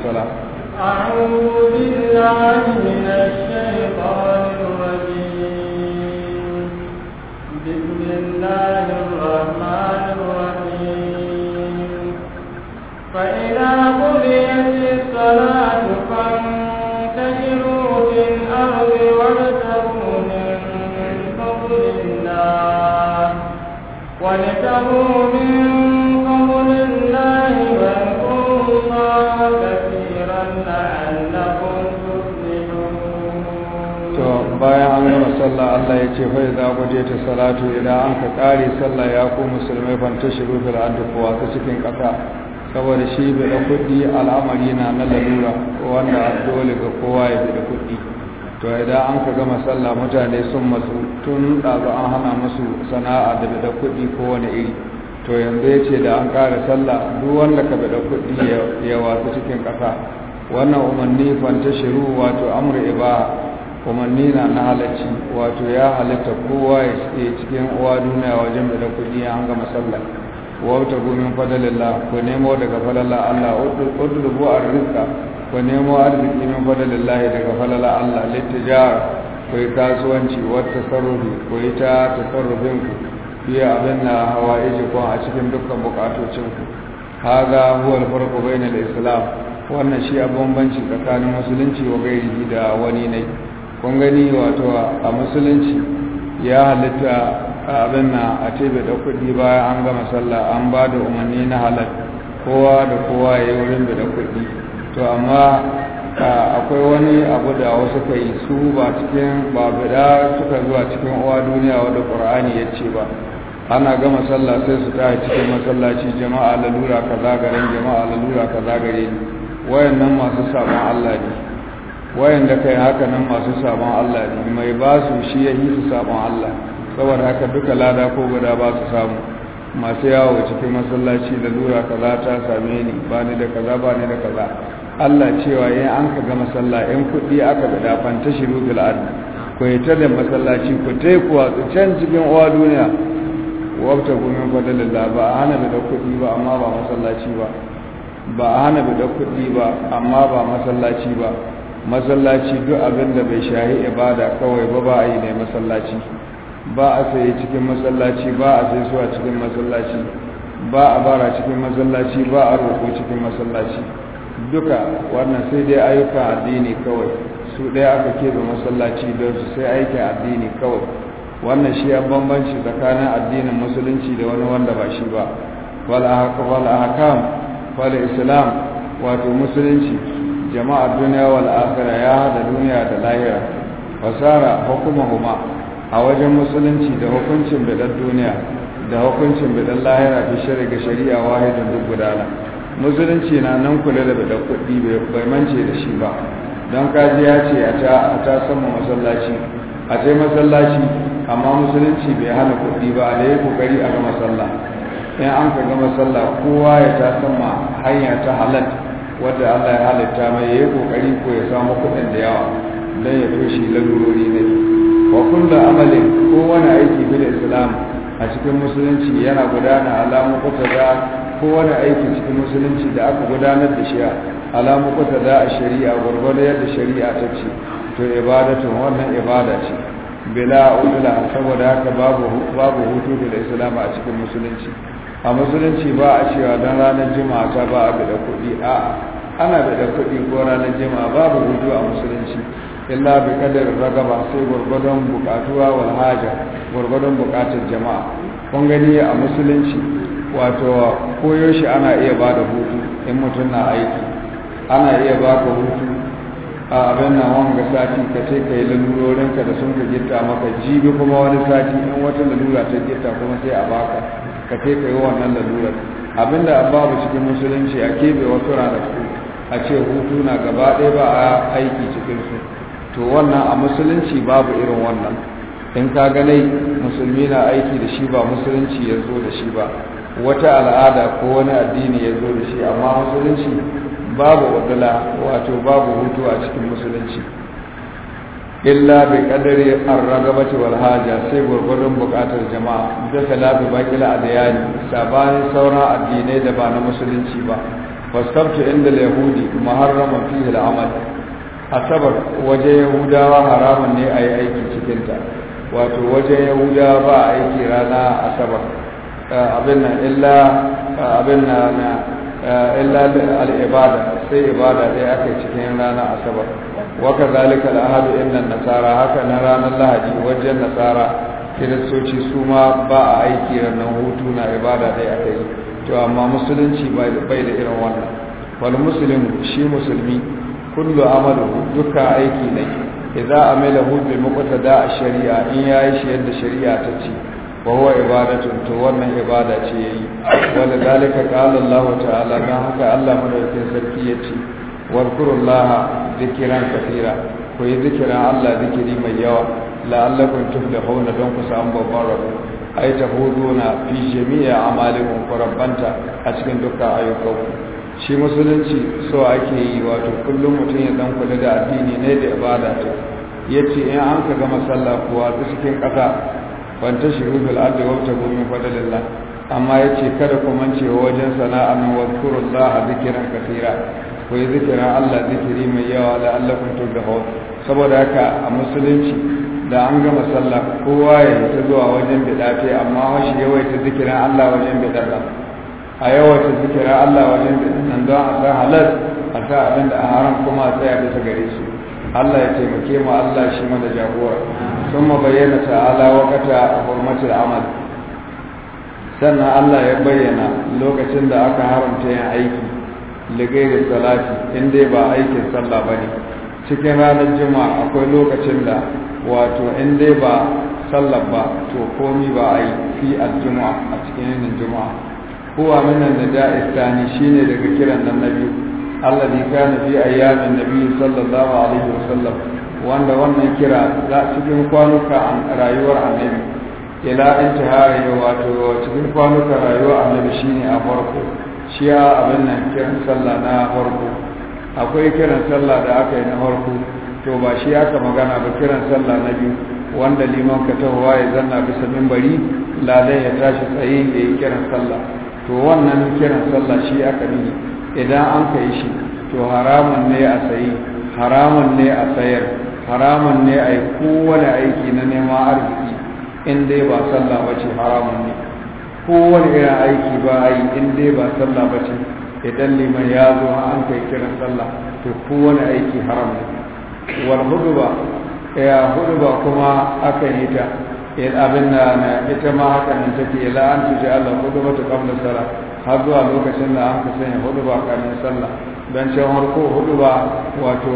السلام أعوذ بالله من الشيطان الرجيم بسم الله الرحمن الرحيم فإذا قضيت الصلاة فانتشروا في الأرض وابتغوا من فضل الله وابتغوا من bayan an gama sallah Allah ya ce fa idza qudiyat salatu idan an ka kare sallah ya ku musulmai ban tashiru fil ardi ko cikin kasa saboda shi bi da al'amari na na lalura wanda dole ga kowa ya bi da kudi to idan an ka gama sallah mutane sun masu tun da za an hana musu sana'a da bi da kudi ko wani iri to yanzu yace da an kare sallah duk wanda ka bi da kudi ya wasu cikin kasa wannan umarni ta shiru wato amru ibaha umarni na na halacci wato ya halitta kowa ya ce cikin uwa duniya wajen da kudi ya hanga masalla. wauta gomin fadalillah ku nemo daga falala Allah udrubu arzika ku nemo arziki min fadalillah daga falala Allah littijar ku yi kasuwanci wata sarrufi ku yi ta tasarrufin ku biya abin na hawa ijikon a cikin dukkan bukatocin ku haga huwar farko bainal islam wannan shi a bambanci tsakanin musulunci wa gairi da wani ne kun gani wato a musulunci ya halitta abin na a tebe da kuɗi bayan an gama sallah an ba da umarni na halar kowa da kowa ya yi wurin da kuɗi to amma akwai wani abu da wasu kai su ba cikin ba bida suka zuwa cikin uwa duniya wadda ƙur'ani ya ce ba ana gama sallah sai su tashi cikin masallaci jama'a lalura kaza garin jama'a lalura kaza gare ni wayannan masu sabon Allah ne da kai haka nan masu sabon Allah ne mai ba su shi ya yi su sabon Allah saboda haka duka lada ko guda ba su samu masu yawo cikin masallaci da lura kaza ta same ni ba ni da kaza ba ni da kaza Allah cewa ya an ka ga masallaci, in kuɗi aka ga dafan ta shiru bil ard ko ta da masallaci ku ta kuwa can cikin uwa duniya wabta gumin fadalillah ba a hana da kuɗi ba amma ba masallaci ba ba a hana da kuɗi ba amma ba masallaci ba masallaci duk abin da bai shahi ibada kawai ba ba a yi ne masallaci ba a sai cikin masallaci ba a sai suwa cikin masallaci ba a bara cikin masallaci ba a roƙo cikin masallaci duka wannan sai dai ayyukan addini kawai su ɗaya aka keɓe masallaci don su sai aikin addini kawai wannan shi an bambanci tsakanin addinin musulunci da wani wanda ba shi ba wal ahkam wal islam wato musulunci jama'a duniya wal akhirah ya hada duniya da lahira fasara huma a wajen musulunci da hukuncin bidan duniya da hukuncin bidan lahira fi shari'a ga shari'a wahidin duk musulunci na nan kula da bidan kuɗi bai mance da shi ba don kaji ya ce a ta sama masallaci a ce masallaci amma musulunci bai hana kuɗi ba da ya kokari a ga masalla in an ka ga masalla kowa ya ta sama hanya ta halatta wadda Allah ya halitta mai ya yi kokari ko ya samu kuɗin da yawa don ya toshe lalurori ne wa kullu amalin kowane aiki bil islam a cikin musulunci yana gudana alamu kuta da kowane aiki cikin musulunci da aka gudanar da shi alamu kuta da a shari'a gwargwado yadda shari'a ta ce to ibadatun wannan ibada ce bila udula saboda haka babu babu hutu da islam a cikin musulunci a musulunci ba a cewa don ranar jima'a ta ba a bada kuɗi a ana bada kuɗi ko ranar jima'a babu hutu a musulunci illa bi kadar ragaba sai gwargwadon bukatuwa wal haja gwargwadon bukatar jama'a kun gani a musulunci wato koyo shi ana iya ba da hutu in mutum na aiki ana iya ba ka hutu a abin nan wanga sati ka ce ka yi lalurorinka da sun ka gitta maka jibi kuma wani sati in wata lalura ta gita kuma sai a baka ka ce ka yi wannan lalurar abinda babu cikin musulunci a kebe wasu ranaku a ce hutu na gaba ɗaya ba a aiki cikinsu to wannan a musulunci babu irin wannan in ka ganai musulmi na aiki da shi ba musulunci ya zo da shi ba wata al'ada ko wani addini ya zo da shi amma musulunci babu wadala wato babu hutu a cikin musulunci illa bi kadari ar-ragabati wal haja sai gurgurun bukatar jama'a da salafi bakila adiyani sabanin sauran addinai da ba na musulunci ba fastabtu inda yahudi muharraman fihi al-amal asabar waje yahudawa haramun ne ayi aiki cikin ta wato waje yahudawa ba aiki rana asabar eh, abin illa eh, eh, illa al-ibada sai ibada dai aka cikin rana asabar waka zalika al'ahadu innan nasara haka na ranar lahadi wajen nasara kiristoci su ma ba a aiki ranar hutu na ibada ɗaya a yi to amma musulunci bai da irin wannan wal muslim shi musulmi kullu amalu duka aiki ne idza amila hu bi a shari'a in yayi shi yadda shari'a ta ce wa huwa to wannan ibada ce yayi Wani zalika qala ta'ala na haka Allah madaukakin sarki ce warkurullaha zikiran kasira ko yi zikiran Allah zikiri mai yawa da hauna don ku samu babban rabo ai na fi jami'a a malikun rabbanta a cikin dukkan ayyukanku shi musulunci so ake yi wato kullum mutum ya zan kula da addini ne da ibada ta ce in an ka gama sallah kuwa ta cikin kasa ban ta shi da ardi wa ta gumin fadalillah amma ce kada ku mance wajen sana'a min a zikiran kasira. ku yi zikira Allah zikiri mai yawa da Allah kun turgahon saboda haka a musulunci da an gama sallah kowa ya ta zuwa wajen bidafe amma washi yawaita zikirin Allah wajen bidarra a yawaita zikirin Allah wajen nan don a san halal a sa abin da a haram kuma a tsaya bisa gare su Allah ya taimake mu Allah shi mana jagora sun bayyana ta ala wakata hurmatul amal sannan Allah ya bayyana lokacin da aka haramta yin aiki ligairin salati in dai ba aikin sallah ba ne cikin ranar juma'a akwai lokacin da wato in dai ba sallah ba to komi ba a yi fi aljuma a cikin yinin juma'a kowa minan da da'istani shine daga kiran nan na biyu alladhi kana fi ayyamin nabi sallallahu alaihi wasallam wanda wannan kira za cikin kwanuka rayuwar annabi ila intihari wato cikin kwanuka rayuwar annabi shine a farko Shiya abin nan kiran sallah na farko akwai kiran sallah da aka yi na farko to ba shi aka magana ba kiran sallah na biyu wanda liman ka tahowa ya zanna bisa bari, lalai ya tashi tsaye da ya kiran sallah to wannan kiran sallah shi aka yi idan an ka shi to haramun ne a sayi haramun ne a sayar haramun ne a yi kowane aiki na neman arziki in dai ba sallah ba ce haramun ne kowane yana aiki ba a yi in dai ba sallah ba ce idan liman ya zo an kai kiran sallah to kowane aiki haram ne wal huduba ya huduba kuma aka yi ta in eh, abin na na ita ma haka nan take ila an tuje Allah huduba ta kamar sallah har zuwa lokacin da aka ka sanya huduba kamin sallah dan can harko huduba wato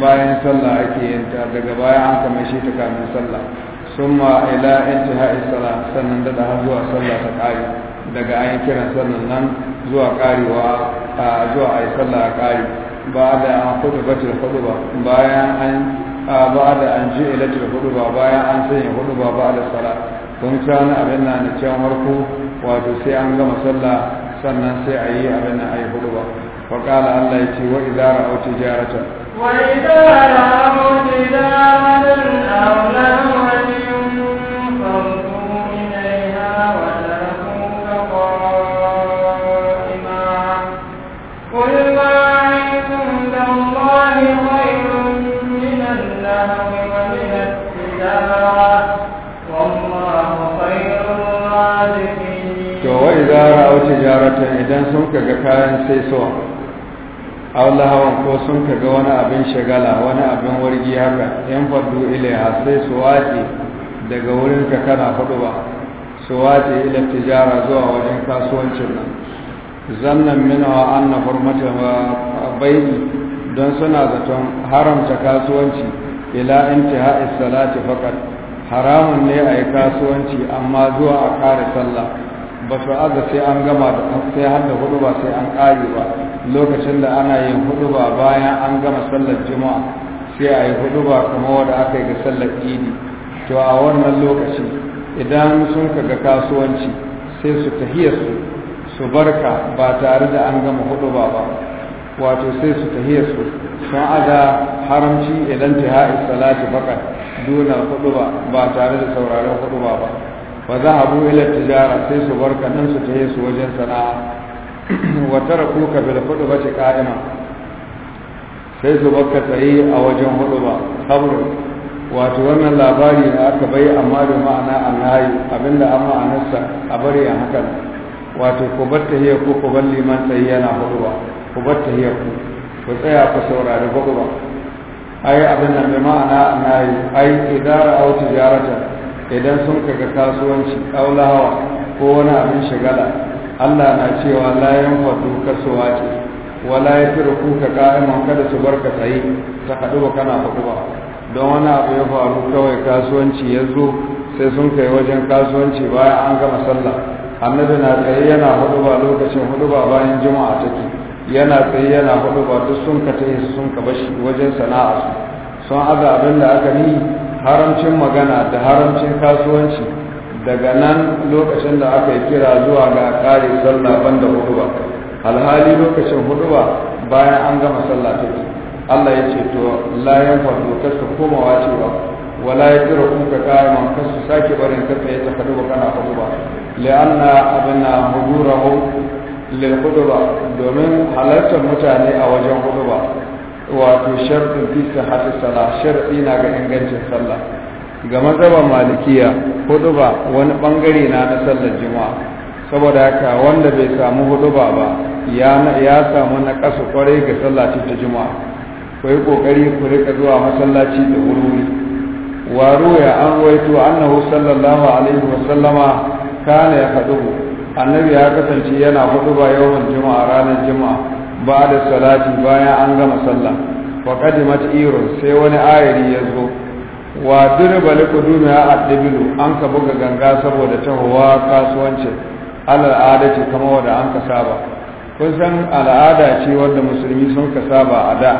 bayan sallah ake yin ta daga baya an kama shi ta kamin sallah sun ma ila intihai sala sannan daɗa zuwa sallah ta ƙari daga an kiran sannan nan zuwa ƙarewa a zuwa a yi sallah a ƙari ba da an kudu batul hudu da an ba bayan an sanya hudu ba ba da sala kun kana abin na can harko wato sai an gama sallah sannan sai a yi abin a yi hudu ba وقال الله يتي وإذا ta تجارة وإذا رأوا تجارة أو maratan idan sun kaga kayan sai so aulahawan ko sun kaga wani abin shagala wani abin wargi haka yan fardu ilaiha sai su wace daga wurin ka kana faɗo ba su wace ila tijara zuwa wajen kasuwancin nan zannan minawa an na hurmata baini don suna zaton haramta kasuwanci ila intihai salati fakat haramun ne a yi kasuwanci amma zuwa a kare sallah ba su aza sai an gama sai har da hudu ba sai an kare ba lokacin da ana yin hudu bayan an gama sallar juma'a sai a yi hudu ba kuma wanda aka yi ga sallar idi to a wannan lokaci idan sun ga kasuwanci sai su tahiya su su barka ba tare da an gama hudu ba wato sai su su sun aza haramci idan tihai salati bakar duna hudu ba ba tare da sauraron hudu ba fa zahabu ila tijara sai su bar nan su tahe su wajen sana'a wa tarakuka bil khudbati qa'ima sai su barka tsaye a wajen huduba kabru wato wannan labari ba aka bai amma da ma'ana annayi abinda an ma'anarsa a bari a hakan wato ku bar tahiyar ku ku bar liman tsaye yana ku bar ku ku tsaya ku abin idan sun kaga kasuwanci kaulawa ko wani abin shigala Allah na cewa la yanfatu kasuwa ce wala ya yatruku ka ka'imo kada su barka tsaye ta haɗu ba kana faɗu ba don wani abu ya faru kawai kasuwanci ya zo sai sun kai wajen kasuwanci bayan an gama sallah annabi na tsaye yana hudu ba lokacin hudu ba bayan juma'a take yana tsaye yana hudu ba duk sun ka tafi sun ka bashi wajen sana'a sun aza abin da aka yi. haramcin magana da haramcin kasuwanci daga nan lokacin da aka yi kira zuwa ga kare sallah banda huduba alhali lokacin huduba bayan an gama sallah ce Allah ya ce to la yanfa'u kasu komawa cewa wala ka kuka qa'iman kasu sake barin kasa ya tafi ba kana huduba li'anna abana hudurahum lil huduba domin halartar mutane a wajen huduba wato sharɗin fi sihhati salah sharɗi na ga ingancin sallah ga mazaba malikiya hudu ba wani ɓangare na na sallar juma'a saboda haka wanda bai samu hudu ba ba ya samu na ƙasa kwarai ga sallaci ta juma'a ku ƙoƙari ku rika zuwa masallaci da wuri Waru ya an waito annahu sallallahu alaihi wa sallama kana ya hadu annabi ya kasance yana hudu ba yawan juma'a ranar juma'a ba da salati bayan an gama sallah wa qadimat sai wani ayari ya zo wa dirba liqudumi a addabilu an ka buga ganga saboda tahowa kasuwanci al'ada ce kama wadda an ka saba kun san al'ada ce wanda musulmi sun ka saba a da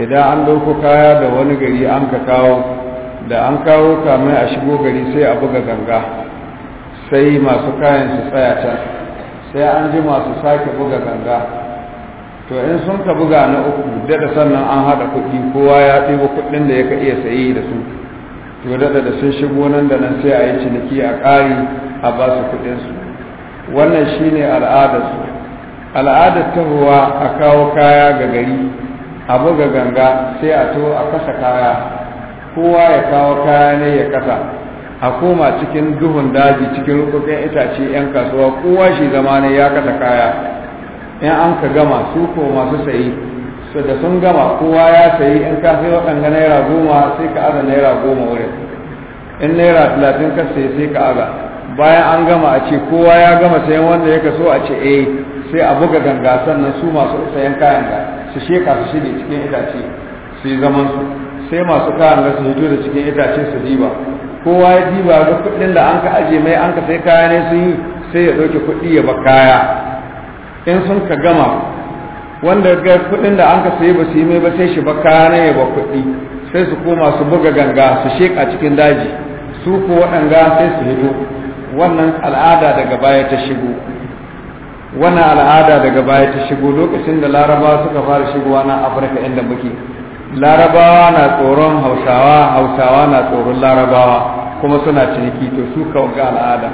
idan an ɗauko kaya da wani gari an ka kawo da an kawo kamai a shigo gari sai a buga ganga sai masu kayan su tsaya can sai an ji masu sake buga ganga to in sun ka buga na uku daɗa sannan an haɗa kuɗi kowa ya ɗiba kuɗin da ya ka iya sayi da su to daɗa da sun shigo nan da nan sai a yi ciniki a ƙari a ba su kuɗinsu wannan shine al'adarsu al'adar ta tahowa a kawo kaya ga gari a buga ganga sai a to a kasa kaya kowa ya kawo kaya ne ya kasa a koma cikin duhun daji cikin rukukin itace 'yan kasuwa kowa shi zama ya kasa kaya in an ka gama su ko masu sayi su da sun gama kowa ya sayi in ka sai waɗanda naira goma sai ka aza naira goma wurin in naira talatin ka sayi sai ka aza bayan an gama a ce kowa ya gama sayan wanda ya kaso a ce eh sai a buga ganga sannan su masu sayan kayan ga su sheka su shige cikin itace su yi zaman su sai masu kayan ga su hito da cikin itace su diba kowa ya diba ga kuɗin da an ka aje mai an ka sai kaya ne sun yi sai ya ɗauki kuɗi ya ba kaya in sun ka gama wanda ga kudin da an ka sayi ba su yi mai ba sai shi ba kana ya ba kudi sai su koma su buga ganga su sheka cikin daji su ko waɗanga sai su hito wannan al'ada daga baya ta shigo wannan al'ada daga baya ta shigo lokacin da larabawa suka fara shigowa na afirka inda muke larabawa na tsoron hausawa hausawa na tsoron larabawa kuma suna ciniki to su ga al'ada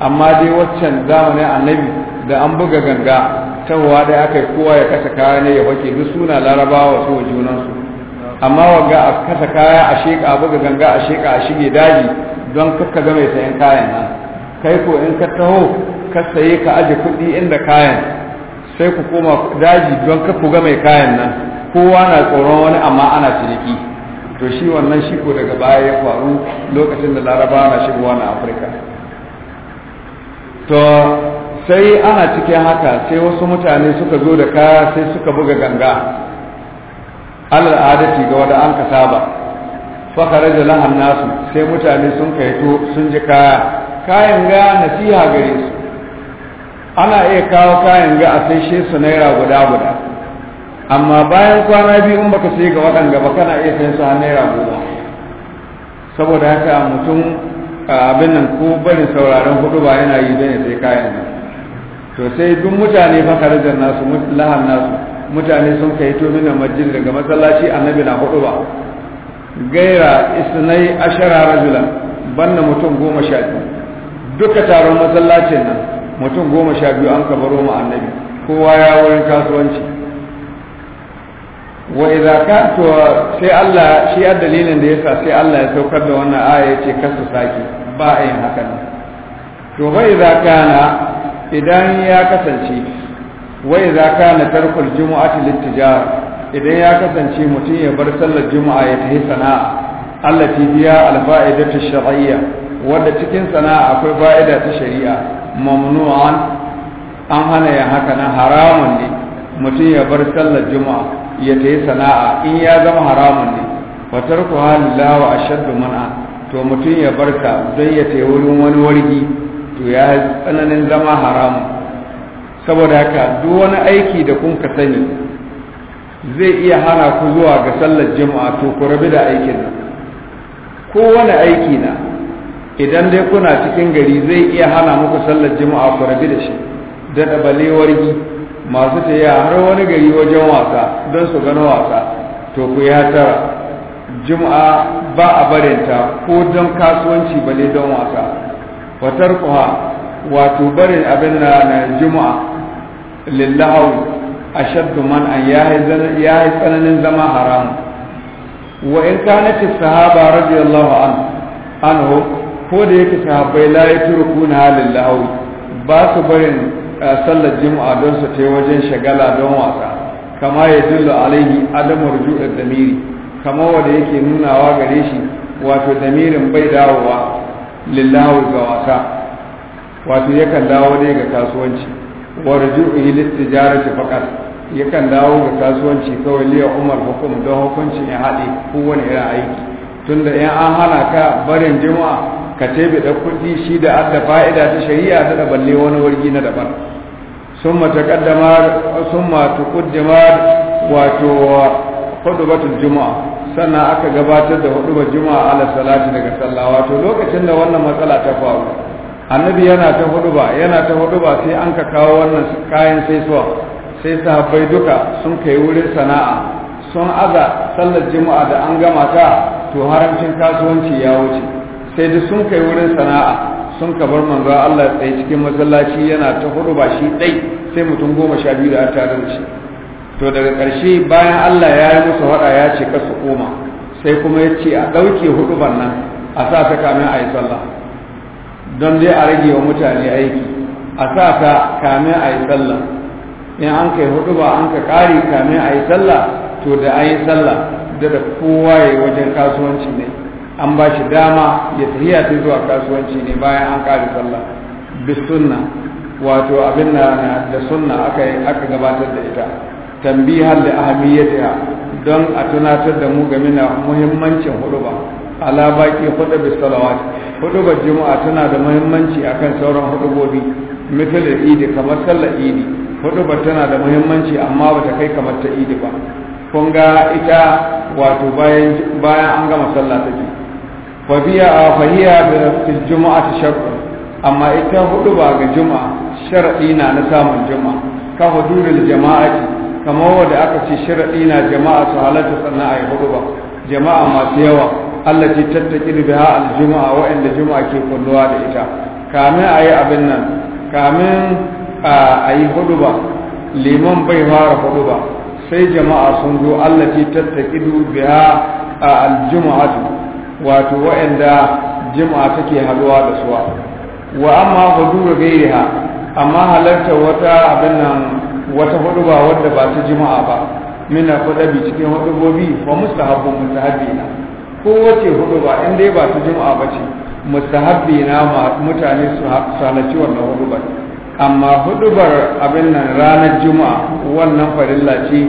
amma dai waccan zamanin annabi da an buga ganga tahowa da aka yi kowa ya kasa kaya ne ya wake duk suna larabawa su wa junansu amma wanga a kasa kaya a sheka a buga ganga a sheka a shige daji don kakka ga mai sayan kayan nan kai ko in ka taho ka saye ka aje kuɗi inda kayan sai ku koma daji don kakku ga mai kayan nan kowa na tsoron wani amma ana ciniki to shi wannan shi ko daga baya ya faru lokacin da larabawa na shigowa na afirka to sai ana cikin haka sai wasu mutane suka zo da kaya sai suka buga ganga al'adati ga wanda an ka saba fakara da lahan nasu sai mutane sun kaito sun ji kaya kayan ga nasiha gare su ana iya kawo kayan ga a sai shi su naira guda guda amma bayan kwana biyu in baka sai ga waɗanda ba kana iya sai su naira guda saboda haka mutum abin nan ko barin sauraron hudu ba yana yi don ya sai kayan nan to sai duk mutane fa karajar nasu lahan nasu mutane sun kai to mina masjid daga masallaci annabi na hudu ba gaira isnai ashara rajula banna mutum goma sha biyu duka taron masallacin nan mutum goma sha biyu an kabaro ma annabi kowa ya wurin kasuwanci wa idza ka to sai Allah shi ya dalilin da yasa sai Allah ya saukar da wannan aya yace kasu saki ba ayin hakan haka ne to bai idza kana idan ya kasance wai za ka na tarkul littijar idan ya kasance mutum ya bar sallar juma'a ya tafi sana'a Allah ta biya ta shari'a wanda cikin sana'a akwai fa'ida ta shari'a mamnu'an an hana ya haka na haramun ne mutum ya bar sallar juma'a ya tafi sana'a in ya zama haramun ne wa tarku lillahi wa ashaddu man'a to mutum ya barka don ya tafi wurin wani wargi to ya tsananin zama haramu saboda haka duk wani aiki da kun ka sani zai iya hana ku zuwa ga sallar jima'a to ku rabi da aikin nan kowane aiki na idan dai kuna cikin gari zai iya hana muku sallar jima'a ku rabi da shi da ɗabalewar gi masu ta taya har wani gari wajen wasa don su gano wasa to ku ya tara jima'a ba a barinta ko don kasuwanci bale don wasa wa tarkuha wato barin abin na na juma'a lillahi ashaddu man an yayi tsananin zama haram wa in kanat sahaba radiyallahu anhu anhu ko da yake sahabbai la yatrukuna lillahi ba su barin eh, sallar juma'a don su ta wajen shagala don wasa kama ya dillo alaihi adamu ruju'ar damiri kama wanda yake nunawa gare shi wato damirin bai dawowa lillahu ga wasa wato yakan dawo ne ga kasuwanci wa ruju'i litijarati faqat yakan dawo ga kasuwanci kawai liya umar hukum don hukuncin ya haɗe wani irin aiki tunda in an hana ka barin jima'a ka tebe da kuɗi shi da adda fa'ida ta shari'a ta da balle wani wargi na daban sun mata kaddamar sun mata kuddamar wato hudubatul juma'a sannan aka gabatar da hudu ba juma'a ala salati daga sallawa wato lokacin da wannan matsala ta faru annabi yana ta hudu yana ta hudu ba sai an ka kawo wannan kayan sai suwa sai sahabbai duka sun kai wurin sana'a sun aza sallar juma'a da an gama ta to haramcin kasuwanci ya wuce sai duk sun kai wurin sana'a sun ka bar manzo Allah tsaye cikin masallaci yana ta hudu ba shi dai sai mutum goma sha biyu da tare da shi to daga ƙarshe bayan Allah ya yi musu haɗa ya ce kasu koma sai kuma ya ce a ɗauke hudu nan a sa ta kamin a yi sallah don dai a rage wa mutane aiki a sa ta kamin a yi sallah in an kai hudu ba an ka ƙari kamin a yi sallah to da an yi sallah da da kowa ya wajen kasuwanci ne an ba shi dama ya tafiya ta zuwa kasuwanci ne bayan an ƙari sallah bisunna sunna wato abin da sunna aka gabatar da ita tambihan da ahamiyatiha don a tunatar da mu game da muhimmancin huduba ala baki bi salawat hudubar juma'a tana da muhimmanci akan sauran hudubobi misal idi kamar sallar idi hudubar tana da muhimmanci amma ba ta kai kamar ta idi ba kun ga ita wato bayan bayan an gama sallah take fa biya hiya bi jumu'ati shart amma ita ba ga juma'a shar'i na na samun juma'a ka hudurul jama'ati kamar wanda aka ce sharaɗi na jama'a su halatta sannan a yi hudu ba jama'a masu yawa Allah ce tattaki biha aljuma'a waɗanda juma'a ke kulluwa da ita kamin a yi abin nan kamin a yi hudu ba liman bai fara hudu ba sai jama'a sun zo Allah ce tattaki biha aljuma'atu wato waɗanda jima'a take haluwa da suwa wa amma gairi ha amma halarta wata abin nan wata hudu ba wadda ba ta jima'a ba mina bi cikin hudubobi wa mustahabbun mustahabbi na ko wace hudu ba in dai ba ta jima'a ba ce mustahabbi na mutane su halarci wannan hudu ba amma hudubar abin nan ranar juma'a wannan farilla ce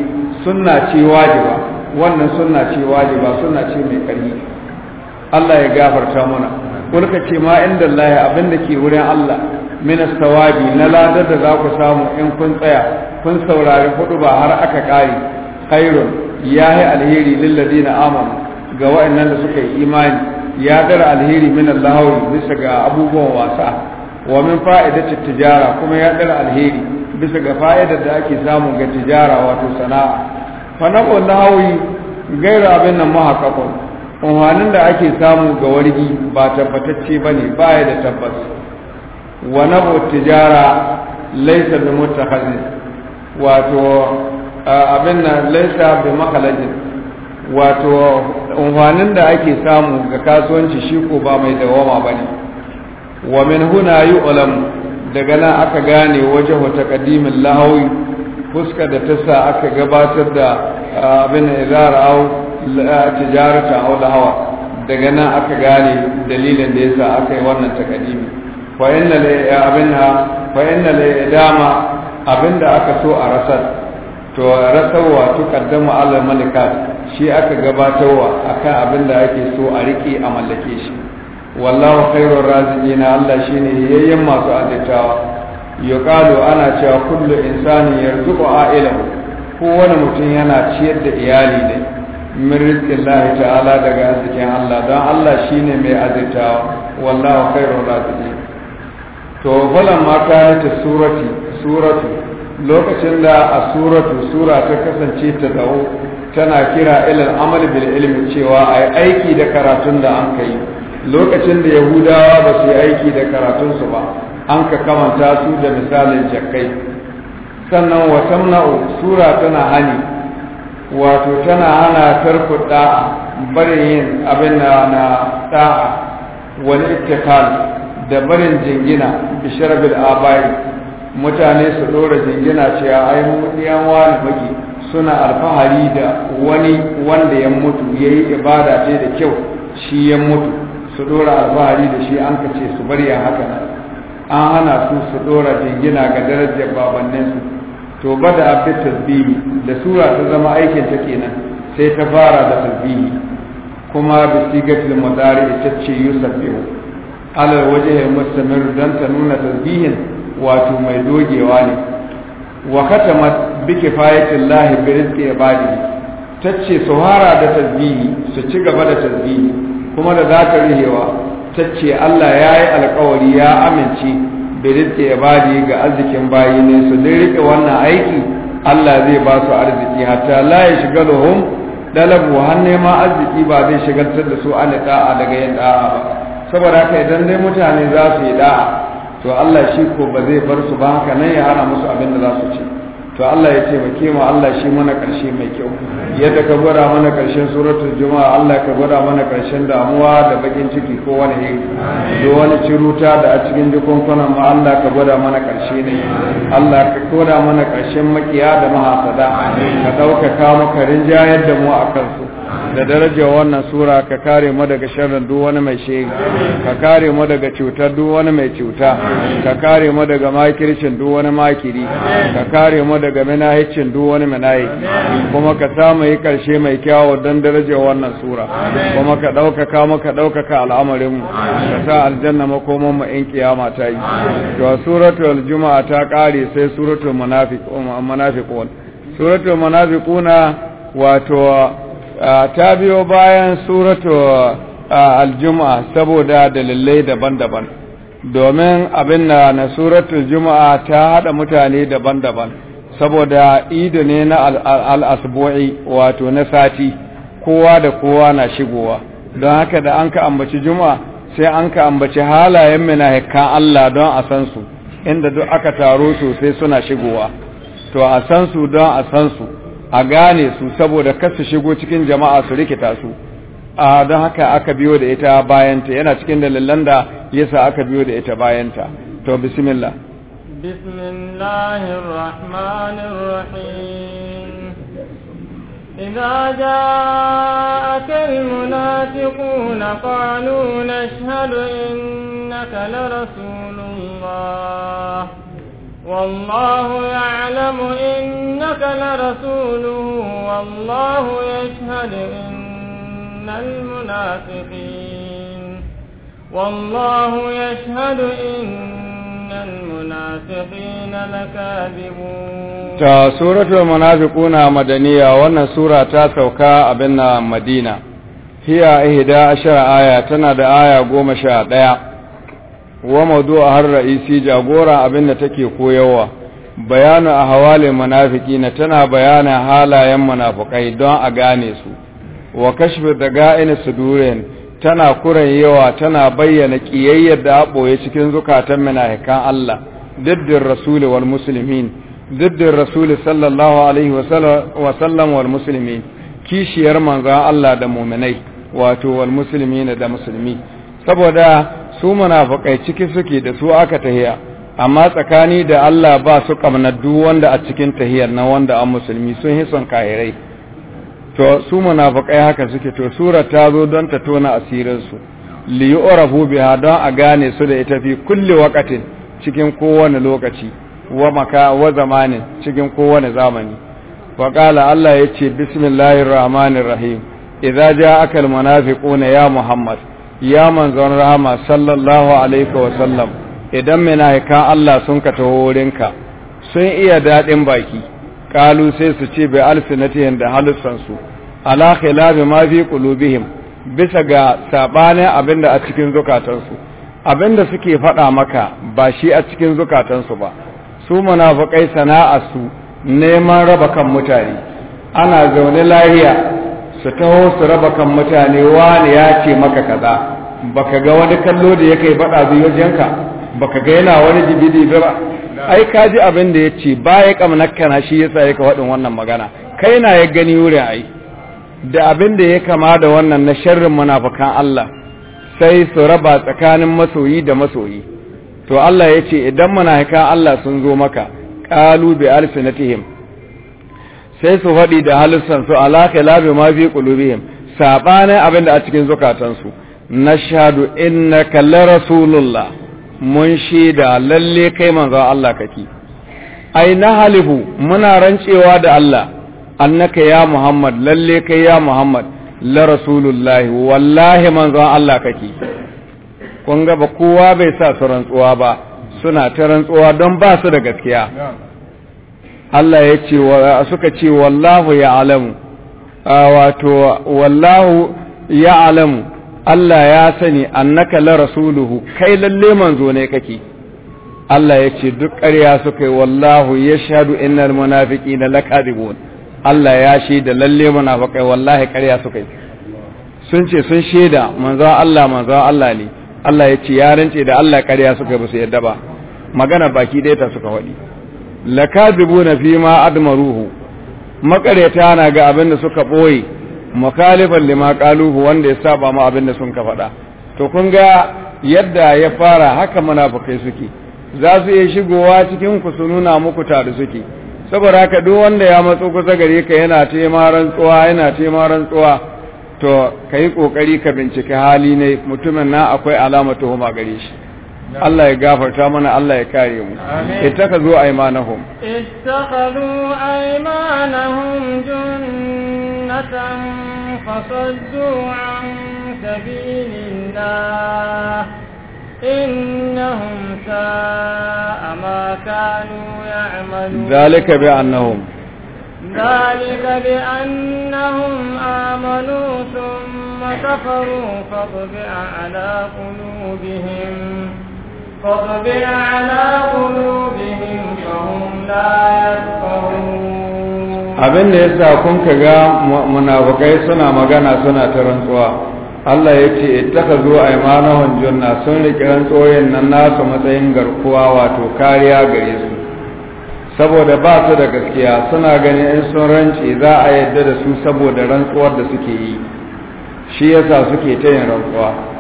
sunna ce wajiba wannan sunna ce wajiba sunna ce mai ƙarfi Allah ya gafarta mana kulka ce ma inda Allah abin da ke wurin Allah mina sawabi na ladar da za ku samu in kun tsaya kun saurari hudu ba har aka kare khairun yi alheri lil ladina amanu ga wa'annan da suka yi imani ya dar alheri min Allah bisa ga abubuwan wasa wa min fa'idatit tijara kuma ya dar alheri bisa ga fa'idar da ake samu ga tijara wato sana'a fa na hawi gairu abin nan muhaqqaqun umarnin da ake samu ga wargi ba tabbatacce ba ne ba da tabbas wa nabu jara laisa mota mutakhazin wato abin nan laisa da makhalajin wato umarnin da ake samu ga kasuwanci shi ko ba mai dawama ba ne wa min huna ulam daga nan aka gane wata kadimin lahawi fuska da tasa aka gabatar da abin izara'u tijarata haula hawa daga nan aka gane dalilin da yasa aka yi wannan takadimi fa inna la eh, abinha fa inna la idama abinda aka so a rasar to rasarwa kaddama ala malikat shi aka gabatarwa akan abinda ake so a rike a mallake shi wallahu khairur na Allah shine yayyen masu azaitawa yuqalu ana cewa kullu insani yarzuqu a'ilahu ko wani mutum yana ciyar da iyali ne min rizqin lahi ta'ala daga arzikin Allah don Allah shine mai azirtawa wallahu khairur raziqin to falan mata ta surati suratu lokacin da a suratu sura ta kasance ta dawo tana kira ilal amal bil ilmi cewa ai aiki da karatun da an kai lokacin da yahudawa ba su yi aiki da karatunsu su ba an ka kamanta su da misalin jakkai sannan wa tamna'u sura tana hani wato tana hana tarku da'a barin yin abin da na da'a wani ittikal da barin jingina bisharabil abai mutane su dora jingina cewa ai mu diyan wani baki suna alfahari da wani wanda ya mutu yayi ibada ce da kyau shi ya mutu su dora alfahari da shi an kace su bari ya haka an hana su su dora jingina ga darajar babanninsu to bada abin tasbihi da sura ta zama aikin ta kenan sai ta fara da tasbihi kuma bi sigatil mudari ita ce yusabbihu ala wajhi mustamir dan ta nuna tasbihin wato mai dogewa ne wa katamat bi kifayatillahi bi rizqi ibadihi tace su fara da tasbihi su ci gaba da tasbihi kuma da zaka rihewa tace Allah yayi alƙawari ya amince birizki ibadi ga arzikin bayi ne su dai rike wannan aiki Allah zai ba su arziki hatta la yashghaluhum dalabu har nema arziki ba zai shigar da su an da'a daga yin da'a ba saboda haka idan dai mutane za su yi da'a to Allah shi ko ba zai bar su ba haka nan ya hana musu abin da za su ci to Allah ya taimake mu Allah shi mana karshe mai kyau yadda ka gwada mana karshen suratul juma'a Allah ka gwada mana karshen damuwa da bakin ciki ko wani iri do wani ciruta da a cikin jikunkunan mu Allah ka gwada mana karshe ne Allah ka gwada mana karshen makiya da mahasada ka dauka ka mu karin da mu a kansu da darajar wannan sura ka kare mu daga sharrin duk wani mai shege ka kare mu daga cutar duk wani mai cuta ka kare mu daga makircin duk wani makiri ka kare mu daga minahicin duk wani minai kuma ka samu yi karshe mai kyawu don darajar wannan sura kuma ka ɗaukaka mu ka ɗaukaka al'amarin mu ka sa aljanna makoman mu in kiyama ta yi to suratul juma'a ta kare sai suratul munafiqun suratul munafiquna wato Ah, ta biyo bayan suratu ah, aljuma saboda dalilai daban-daban domin abin da na suratu juma'a ta haɗa mutane daban-daban saboda ido ne na al'asbu'i wato na sati kowa da kowa na shigowa don haka da an ka ambaci juma'a sai an ka ambaci halayen minahikan Allah don a san su inda duk aka taro sosai suna shigowa to a san su don a san su a gane su saboda kar su shigo cikin jama'a su rikita su a don haka aka biyo da ita bayanta yana cikin dalilan da yasa aka biyo da ita bayanta to bismillah bismillahir rahmanir rahim idza جاءك المنافقون قالوا nashhadu innaka la rasulullah والله يعلم إنك لرسوله والله يشهد إن المنافقين والله يشهد إن Ta suratul munafiquna madaniya wannan sura ta sauka a na madina hiya ihda aya tana da aya goma sha ɗaya. wa har ra'isi jagora abin da take koyarwa bayanu a hawalin munafiki na tana bayana halayen munafikai don a gane su wa da daga'in sudurin tana kuran yawa tana bayyana kiyayyar da aboye cikin zukatan munafikan Allah diddin rasuli wal muslimin diddin rasuli sallallahu alaihi wa sallam wal muslimin kishiyar manzon Allah da mu'minai wato wal da musulmi saboda su munafikai ciki suke da su aka tahiya amma tsakani da Allah ba su duk wanda a cikin tahiyar na wanda an musulmi sun hisan son to su munafikai haka suke to sura ta zo don ta tona asirin su li yu'rafu biha don a gane su da ita fi kulli waqatin cikin kowane lokaci wa maka wa zamanin cikin kowane zamani wa qala Allah yace bismillahir rahmanir rahim idza ja'aka al munafiquna ya muhammad ya manzon rahama sallallahu alaihi wa sallam idan mala'ikan Allah sun ka taho wurinka sun iya dadin baki kalu sai su ce bai alsinatihin da halussan su ala khilafi ma fi qulubihim bisa ga sabanin abinda a cikin zukatansu abinda suke faɗa maka ba shi a cikin zukatansu ba su sana'a su neman raba kan mutane ana zaune lahiya su taho su raba kan mutane wani ya ce maka kaza ka ga wani kallo da ya kai baɗa ba baka ga yana wani jibidi ba ai ka ji abin da ya ce ba ya kamnakka na shi yasa ya ka faɗin wannan magana kai na ya gani wurin ai da abin da ya kama da wannan na sharrin munafakan Allah sai su raba tsakanin masoyi da masoyi to Allah ya ce idan manafakan Allah sun zo maka qalu bi alsinatihim sai su faɗi da halittar su ala khilafi ma fi qulubihim sabanin abinda a cikin zukatansu nashhadu innaka la rasulullah mun shaida lalle kai manzo Allah kake ai na halifu muna rancewa da Allah annaka ya Muhammad lalle kai ya Muhammad la rasulullahi wallahi manzo Allah kake kun ga ba kowa bai sa su rantsuwa ba suna ta rantsuwa don ba su da gaskiya Allah ya ce suka ce wallahu ya alamu wato wallahu ya alamu Allah ya sani annaka la rasuluhu kai lalle manzo ne kake Allah ya ce duk ƙarya suka yi wallahu ya shahadu innal munafiqina lakadibun Allah ya shaida lalle munafiqai wallahi ƙarya suka yi sun ce sun shaida manzo Allah manzo Allah ne Allah ya ce ya rance da Allah ƙarya suka yi ba su yadda ba magana baki ɗaya ta suka waɗi lakazibuna fi ma admaruhu makareta na ga abin da suka boye makalifan lima qaluhu wanda ya saba ma abin da sun ka faɗa to kun ga yadda ya fara haka munafikai suke za su iya shigowa cikin ku su nuna muku tare suke saboda haka duk wanda ya matso kusa gare ka yana taimaran tsuwa yana taimaran rantsuwa to kai kokari ka bincike hali ne mutumin na akwai alama ma gare shi Allah ya gafarta mana Allah ya kare mu ittakazu aymanahum ittakazu aymanahum junnatan fasaddu an sabilillah innahum sa'a ma kanu ya'malun zalika bi annahum ذلك بأنهم آمنوا ثم كفروا فطبع على قلوبهم فاطبع على قلوبهم فهم لا يفقهون abin da yasa kun kaga munafukai suna magana suna ta rantsuwa Allah ya ce zo ittakhadhu aymanahum junna sun riƙe rantsoyin nan nasu matsayin garkuwa wato kariya gare su saboda ba su da gaskiya suna ganin in sun rance za a yadda da su saboda rantsuwar da suke yi shi yasa suke ta yin rantsuwa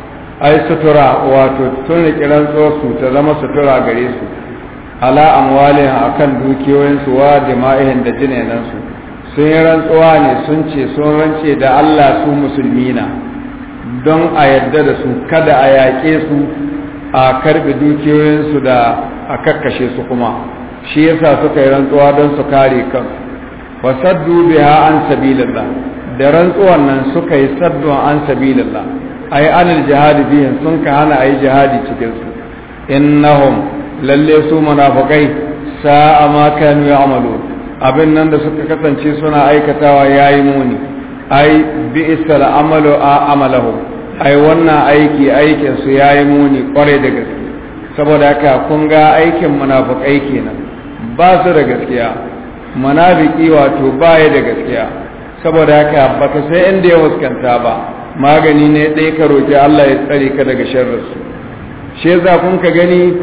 ai sutura wato tun rikiran su ta zama sutura gare su ala kan akan su, wa jama'ihin da su, sun yi rantsuwa ne sun ce sun rance da Allah su musulmi na don a yadda da su kada a yaƙe su a dukiyoyin su da a kakkashe su kuma shi yasa suka yi rantsuwa don su kare kan fasaddu biha an sabilillah da rantsuwan nan suka yi saddu an sabilillah ay anil jihadi biyan sun ka hana ayi jihadi cikin su innahum lalle su munafiqai sa'a ma kanu ya'malu abin nan da suka kasance suna aikatawa yayi muni ai bi'sal amalu a amalahu ai wannan aiki aikin su yayi muni kware da gaske saboda haka kun ga aikin munafiqai kenan ba su da gaskiya munafiki wato baya da gaskiya saboda haka baka sai inda ya fuskanta ba magani ne ɗaya ka roƙi Allah ya tsare ka daga sharrinsu shi yasa ka gani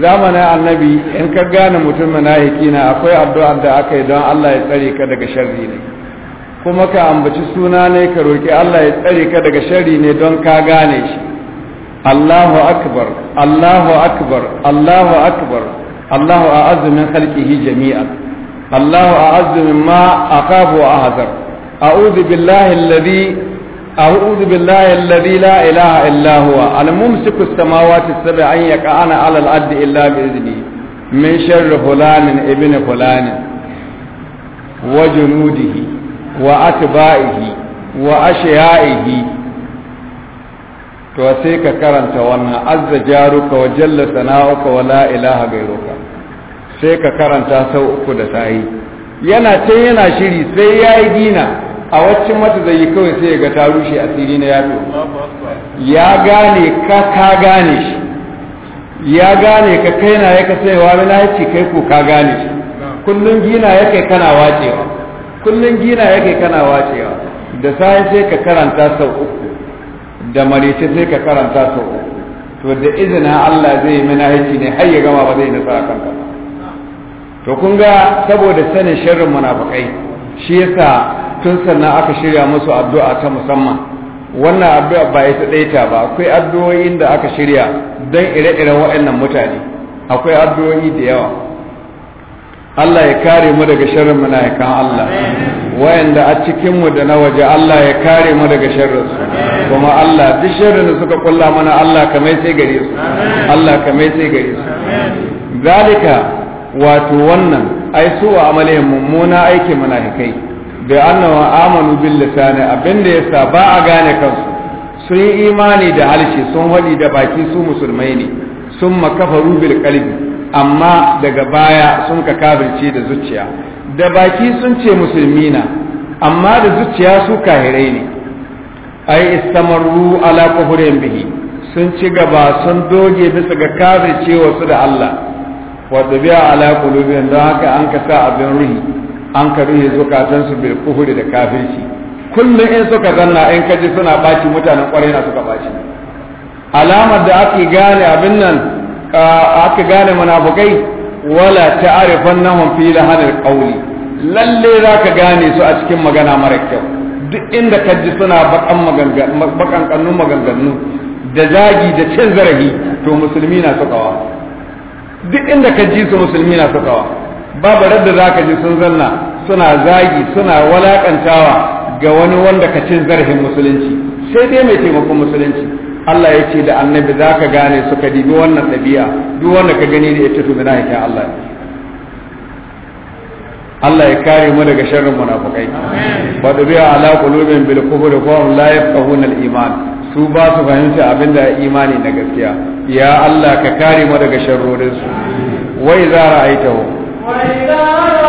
zamanin annabi in ka gane mutum na na akwai addu'a da aka yi don Allah ya tsare ka daga sharri ne kuma ka ambaci suna ne ka roƙi Allah ya tsare ka daga sharri ne don ka gane shi Allahu akbar Allahu akbar Allahu akbar Allahu a'azzu min khalqihi jami'an Allahu a'azzu mimma aqabu wa ahzar a'udhu billahi alladhi أعوذ بالله الذي لا إله إلا هو الممسك السماوات السبع أن يقعن على الأرض إلا بإذنه من شر فلان ابن فلان وجنوده وأتباعه وأشيائه توسيك كرنت وانا عز جارك وجل ثناؤك ولا إله غيرك سيك كرنت سوءك دسائي yana can yana shiri sai ya yi dina a wacce mata zai yi kawai sai ya ga ta rushe asiri na yato ya gane ka ka gane shi ya gane ka kai na ya kasai wa na ce kai ko ka gane shi kullum gina ya kai kana wacewa kullum gina ya kai kana wacewa da sai sai ka karanta sau uku da marice sai ka karanta sau uku to da izinin Allah zai yi mana haiti ne har ya gama ba zai nasa kanka to kun ga saboda sanin sharrin munafikai shi yasa tun sannan aka shirya musu addu'a ta musamman wannan addu'a ba ita ɗaita ba akwai addu'o'in da aka shirya don ire-iren waɗannan mutane akwai addu'o'i da yawa Allah ya kare mu daga sharrin munafikan Allah wayanda a cikin mu da na waje Allah ya kare mu daga sharrin su kuma Allah duk sharrin da suka kulla mana Allah kamai sai gare su Allah kamai sai gare su zalika wato wannan ai su wa amalin mummuna aikin munafikai bi annahu amanu bil lisani abinda yasa ba a gane kansu sun yi imani da halice sun hadi da baki su musulmai ne sun makafaru bil qalbi amma daga baya sun ka kafirce da zuciya da baki sun ce musulmi na amma da zuciya su kahirai ne ai istamaru ala kufrin bihi sun ci gaba sun doge bisa ga kafircewa su da Allah wa tabi'a ala qulubihim don haka an ka sa abin ruhi an karihe zukatansu bil kufuri da kafirci kullum in suka zanna in kaji suna baki mutanen kwarai na suka baki alamar da ake gane abin nan aka gane munafukai wala ta'arifan nahum fi lahanil qawli lalle zaka gane su a cikin magana mara kyau duk inda kaji suna bakan maganganu bakan kannun maganganu da zagi da cin zarafi to musulmi na sukawa duk inda kaji su musulmi na sukawa babu radda zaka ji sun zanna suna zagi suna walakantawa ga wani wanda ka cin zarafin musulunci sai dai mai taimakon musulunci Allah ya ce da annabi za ka gane su ka dibi wannan ɗabi'a duk wanda ka gani da ya ce mina ya Allah Allah ya kare mu daga sharrin ba da biya ala qulubin bil kufr wa hum la yafqahuna al iman su ba su fahimta abinda imani na gaskiya ya Allah ka kare mu daga sharrorin su wa idza ra'aytahu wa idza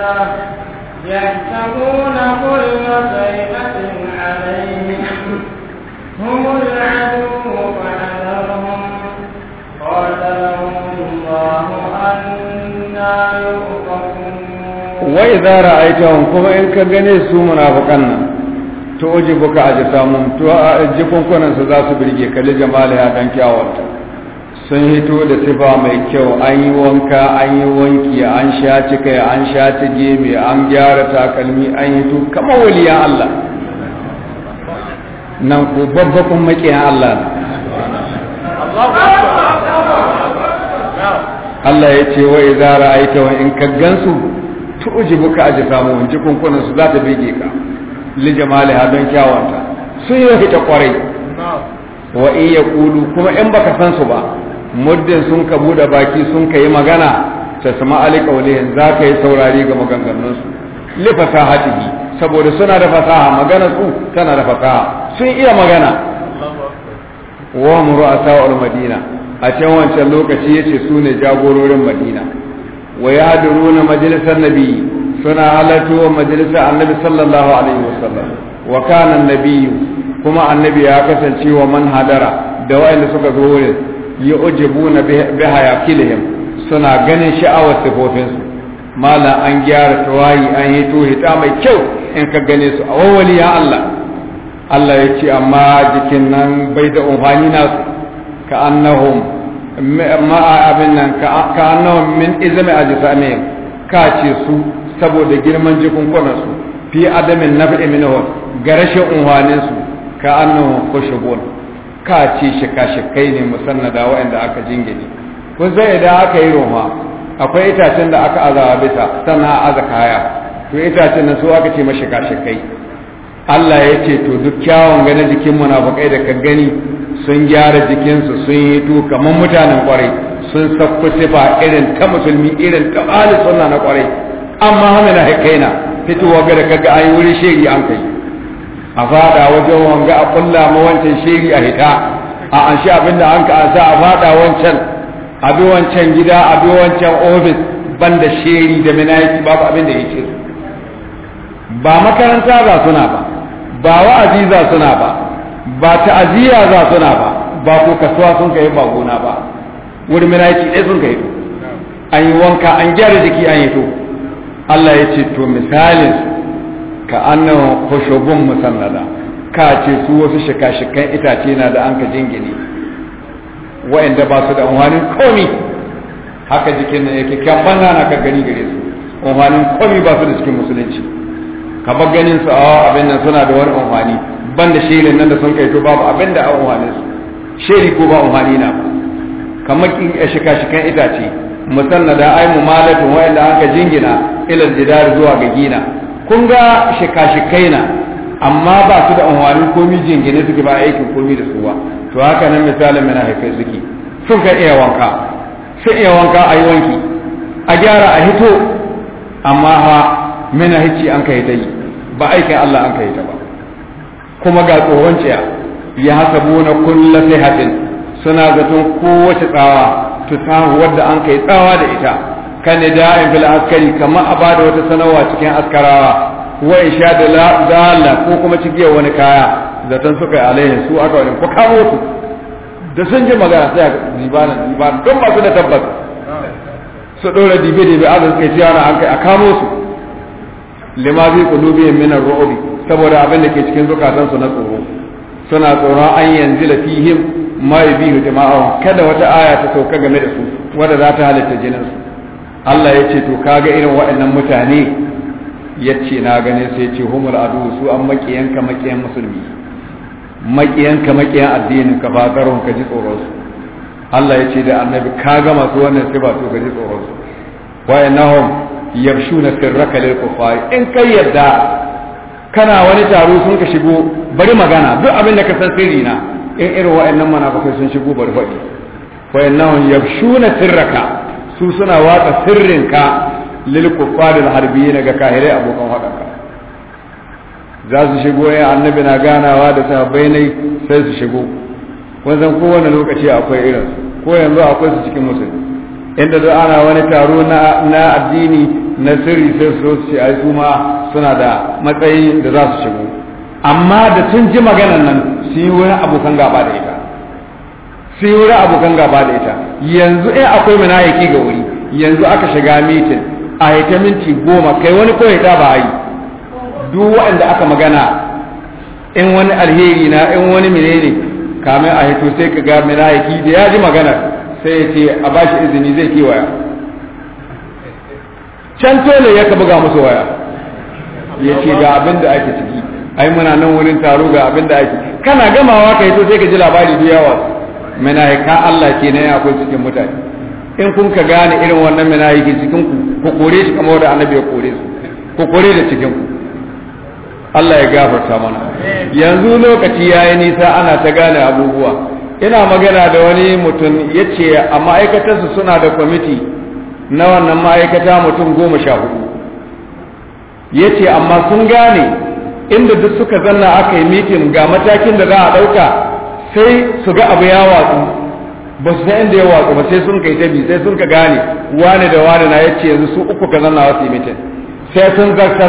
بغتة يحسبون كل صيحة عليهم هم العدو فحذرهم قاتلهم الله أنا يؤفكون وإذا رأيتهم كما إن كان سوء منافقنا to oji buka a jita mun to a jikun kunan su za su birge kalli jamaliya dan kyawunta sun hito da sifa mai kyau an yi wanka an yi wanki an sha cika an sha ta geme an gyara takalmi an hito kama waliyan Allah nan ko kun makiyan Allah Allah ya ce wa idza ta wa in ka gansu tu'jibuka ajsamu in jikunkunan su za ta bige ka li ha don kyawanta sun yi fita kwarai wa iya Kulu kuma in baka san su ba muddin sun ka bude baki sun ka yi magana ta sama alƙaulihin za ka yi saurari ga maganganunsu li fasahatihi saboda suna da fasaha magana su tana da fasaha sun iya magana wa muru asawar madina a can wancan lokaci yace su ne jagororin madina wa yahduruna majalisar nabi suna halartu wa majalisar annabi sallallahu alaihi wasallam wa kana nabiyyu kuma annabi ya kasance wa man hadara da wa'anda suka zo wurin yu'jibuna biha yaqilihim suna ganin sha'awar su. malam an gyara tawayi an yi hita mai kyau in ka gane su a wawali ya Allah Allah ya ce amma jikin nan bai da umfani ka annahum ma'a abin nan ka annahum min izami a jisamihim ka ce su saboda girman jikunkunansu fi adamin nafi'i minahum ga rashin umfaninsu ka annahum ka ce shika-shikai ne musannada waɗanda aka jingine kun sai idan aka yi roma akwai itacen da aka azawa bisa sannan aza kaya to itacen nan su aka ce mashika-shikai Allah ya ce to duk kyawun ganin jikin munafukai da ka gani sun gyara jikinsu sun yi to kamar mutanen kwarai sun sakku sifa irin ta musulmi irin ta ahli sunna na kwarai amma hamina hakaina fitowa ga da kaga ayi wurin shiri an kai a fada wajen wanga a kulla ma wancan shiri a hita a an shi abin da an ka an sa a fada wancan a bi wancan gida a bi wancan ofis ban da shiri da minayaki babu abin da ya ce ba makaranta za suna ba ba wa'azi za suna ba ba ta'aziyya za suna ba ba ko kasuwa sun kai ba gona ba wurin minayaki ɗaya sun kai an yi wanka an gyara jiki an yi to Allah ya ce to misalin su ka annahu khushubun musannada ka ce su wasu shika-shikan itace na da an ka jingine wa'anda ba su da amfanin komi haka jikin nan yake kyabbana na ka gani gare su amfanin komi ba su da cikin musulunci ka ba ganin su a ah, abin nan suna da wani amfani ban da shirin nan da sun kai to babu abin da amfanin su shiri ko ba amfani na ba kamar kin shika-shikan itace musannada ai mumalatun wa'anda an ka jingina ilal jidar zuwa ga gina kun ga shika-shikai na amma ba su da amfani komi gine suke ba aikin komi da su to haka nan misalin mana haifai suke sun ka iya wanka Sun iya wanka a yi wanki a gyara a hito amma ha mana hici an ka hita yi ba aikin Allah an ka hita ba kuma ga tsohon ciya ya hasabu na kulla sai hatin suna zaton kowace tsawa ta wadda an kai tsawa da ita kan da'in fil askari kamar a bada wata sanarwa cikin askarawa wa sha da dalla ko kuma cigiyar wani kaya zaton suka yi alaihi su aka wani ko ka su da sun ji magana sai dibana dibana don masu da tabbas su dora dibe dibe a zai kai ciyana an kai a kamo su lima zai kulubiyin minar ru'ubi saboda abin da ke cikin su na tsoro suna tsoron an yanzu fihim ma yabihu jama'a kada wata aya ta sauka game da su wadda za ta halitta jininsu Allah ya ce to kaga irin waɗannan mutane ya ce na gane sai ce humar adu su an ka makiyan musulmi ka makiyan addinin ka ba fatarun ka ji tsoronsu Allah ya ce da annabi ka ga masu wannan ba to ka ji tsoronsu wa'annahum yabshuna sirraka lil kufari in kai yadda kana wani taro sun ka shigo bari magana duk abin da ka san sirri na in irin mana munafikai sun shigo bari faɗi wa'annahum yabshuna sirraka su suna watsa sirrinka lil kuffaril harbiyyin ga kahirai abokan hadanka za su shigo ya annabi na ganawa da sahabbai ne sai su shigo ko kowane lokaci akwai irin ko yanzu akwai su cikin musulmi inda da ana wani taro na addini na sirri sai su su ce ai su ma suna da matsayi da za su shigo amma da sun ji maganan nan su yi wani abokan gaba da ita su yi wani abokan gaba da ita yanzu in eh, akwai munayiki ga wuri yanzu aka shiga mitin a yake minti goma kai wani koyi ta ba yi duk waɗanda aka magana in wani alheri na in wani menene kamin a hito sai ka ga munayiki da ya ji magana sai ya ce a bashi izini zai waya can tole ya ka buga musu waya ya ce ga abin da ake ciki ai muna nan wurin taro ga abin da ake kana gamawa ka hito sai ka ji labari da yawa manahika Allah ke nan akwai cikin mutane in kun ka gane irin wannan manahiki cikin ku ku kore shi kamar da annabi ya kore su ku kore da cikin ku Allah ya gafarta mana yanzu lokaci yayi nisa ana ta gane abubuwa ina magana da wani mutum ya ce a su suna da kwamiti na wannan ma'aikata mutum goma sha hudu ya ce amma sun gane inda duk suka zanna aka yi mitin ga matakin da za a ɗauka sai su ga abu ya watsu ba su san inda ya watsu ba sai sun kai ta bi sai sun ka gane wani da wani na yace yanzu su uku ka zanna wasu yi mitin sai sun zarta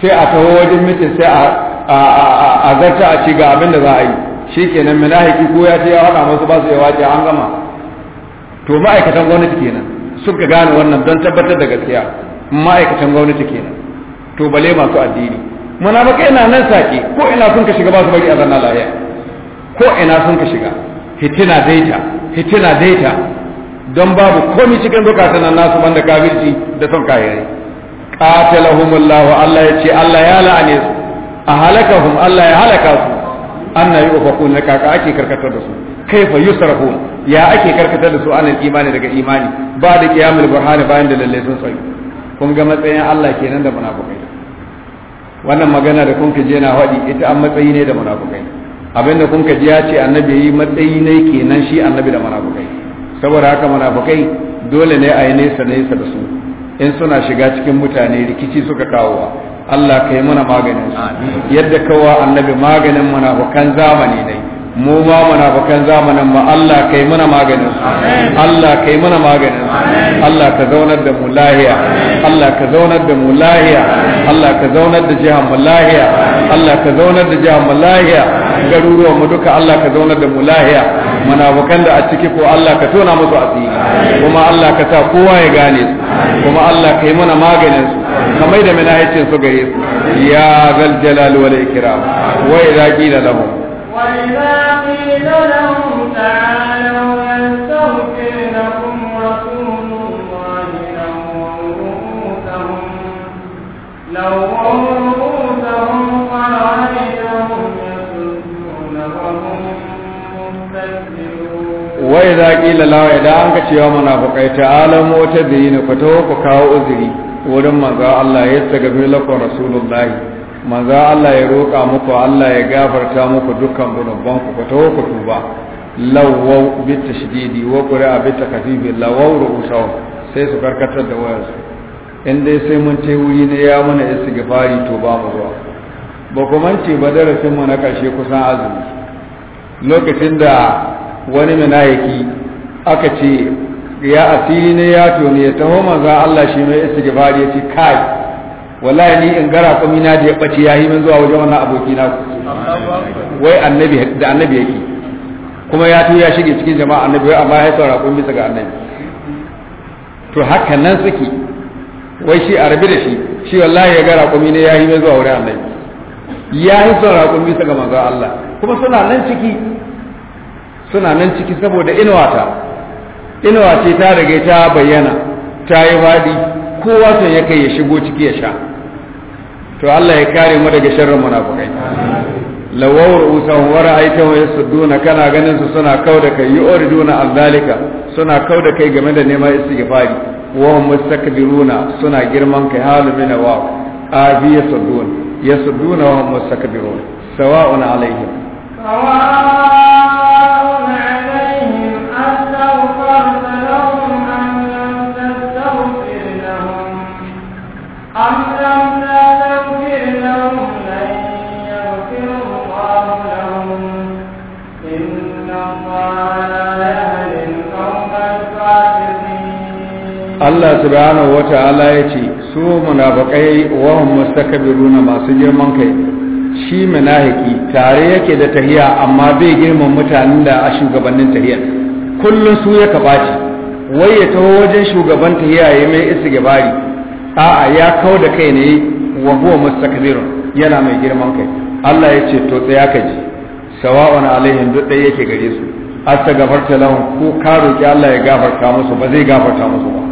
sai a taho wajen mitin sai a zarta a ci ga abin da za a yi shi kenan minahiki ko ya ce ya haɗa masu ba su ya wace an gama to ma'aikatan gwamnati kenan sun ka gane wannan don tabbatar da gaskiya ma'aikatan gwamnati kenan to bale masu addini baka na nan sake ko ina sun ka shiga ba su bari a zanna lahiya ko ina sun ka shiga hitina daita hitina daita don babu komai cikin zukatan nan nasu banda kafirci da son kahirai qatalahumullahu Allah ya ce Allah ya la'ane su a halakahum Allah ya halaka su anna yufakun na kaka ake karkatar da su kaifa yusrafu ya ake karkatar da su anan imani daga imani ba da qiyamul burhani bayan da lalle sun tsayi kun ga matsayin Allah kenan da munafikai wannan magana da kun je na haɗi ita an matsayi ne da munafikai abinda kun ji ya ce annabi yi matsayi ne kenan shi annabi da munafukai saboda haka munafukai dole ne a yi nesa nesa da su in suna shiga cikin mutane rikici suka kawowa Allah ka yi mana maganin su yadda kawa annabi maganin munafukan zamani ne mu ma munafukan zamanin ma Allah kai mana maganin su Allah kai mana maganin su Allah ka zaunar da mu lahiya Allah ka zaunar da mu lahiya Allah ka zaunar da jihar mu lahiya Allah ka zaunar da jihar mu lahiya garuruwan mu duka Allah ka zaunar da mu lahiya munafukan da a ciki ko Allah ka tona musu asiri kuma Allah ka sa kowa ya gane su kuma Allah ka yi mana maganin su kamar da mina yace su gare su ya zal jalal wal ikram wa idza qila lahum wa idza qila lahum ta'alu wai za la lawa idan an ka cewa munafukai ta'alan wata da yi ku taho ku kawo uzuri wurin manzo Allah ya tagabe lakon rasulullahi manzo Allah ya roka muku Allah ya gafarta muku dukkan gunuban ku ku taho ku tuba lawau bi tashdidi wa qira bi takdibi lawau ru'usaw sai su karkatar da wayarsu in dai sai mun ce wuri ne ya mana istighfari to ba mu zuwa ba ku mance ba darasin mu na ƙarshe kusan azumi lokacin da wani minayaki aka ce ya asiri ne ya tone ya taho manza Allah shi mai istighfar ya ce kai wallahi ni in gara kuma na da ya bace yayi min zuwa wajen wannan aboki na wai annabi da annabi yake kuma ya tuya shige cikin jama'a annabi amma ya tsara kun bisa ga annabi to haka nan suke wai shi a rabi da shi shi wallahi ya gara kuma ne yayi min zuwa wurin annabi yayi tsara kun bisa ga manzo Allah kuma suna nan ciki suna nan ciki saboda inuwata inuwa ce ta rage ta bayyana ta yi faɗi kowa son ya kai ya shigo ciki ya sha to Allah ya kare mu daga sharrin munafukai lawawar usan wara aikin wa yasudduna kana ganin su suna kau da kai yuriduna azzalika suna kau da kai game da neman istighfari wa mustakbiruna suna girman kai halu min wa qabi yasudduna wa mustakbiruna sawa'un alaihim Allah subhanahu wa ta'ala ya ce su munafiqai wa hum masu girman kai shi munafiki tare yake da tahiya amma bai girman mutanen da a shugabannin tahiyar kullum su ya kabaci wai ya taho wajen shugaban tahiya ya mai isa gabari a'a ya kawo da kai ne wa huwa mustakbir yana mai girman kai Allah ya ce to tsaya ka ji sawa'un alaihim duk dai yake gare su asta gafarta lahum ko ka roki Allah ya gafarta musu ba zai gafarta musu ba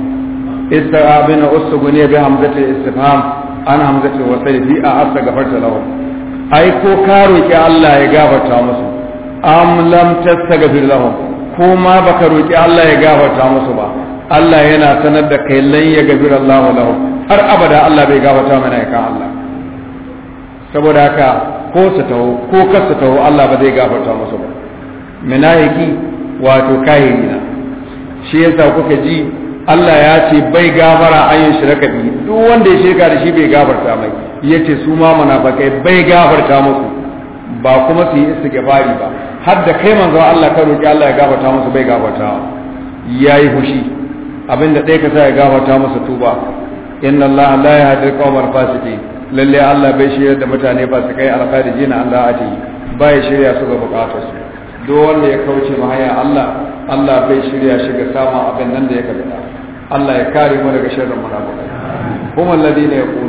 ista'abina ne bi hamzati istifham an hamzati wasali fi a asta gafarta lahum ai ko ka roki Allah ya gafarta musu am lam tastaghfir lahum ko ma baka roƙi Allah ya gafarta musu ba Allah yana sanar da kai lan ya gafir Allah lahum har abada Allah bai gafarta mana ya ka Allah saboda haka ko su taho ko kar su taho Allah ba zai gafarta musu ba munafiki wato kai na shi yasa kuka ji Allah ya ce bai gafara ayin shirka bi duk wanda ya shirka da shi bai gafarta mai yace su ma munafikai bai gafarta musu ba kuma su yi istighfari ba har da kai manzo Allah ka roki Allah ya gafarta musu bai gafarta yayi hushi abinda dai ka sa ya gafarta musu tuba inna Allah la yahdi al-qawmal fasiqin lalle Allah bai shirya da mutane kai alƙadi jina Allah ba bai shirya su ga bukatarsu duk wanda ya kauce mahaya Allah Allah bai shirya shi ga samun abin nan da ya kabita Allah ya kare mu daga sharrin munafiki kuma alladine ku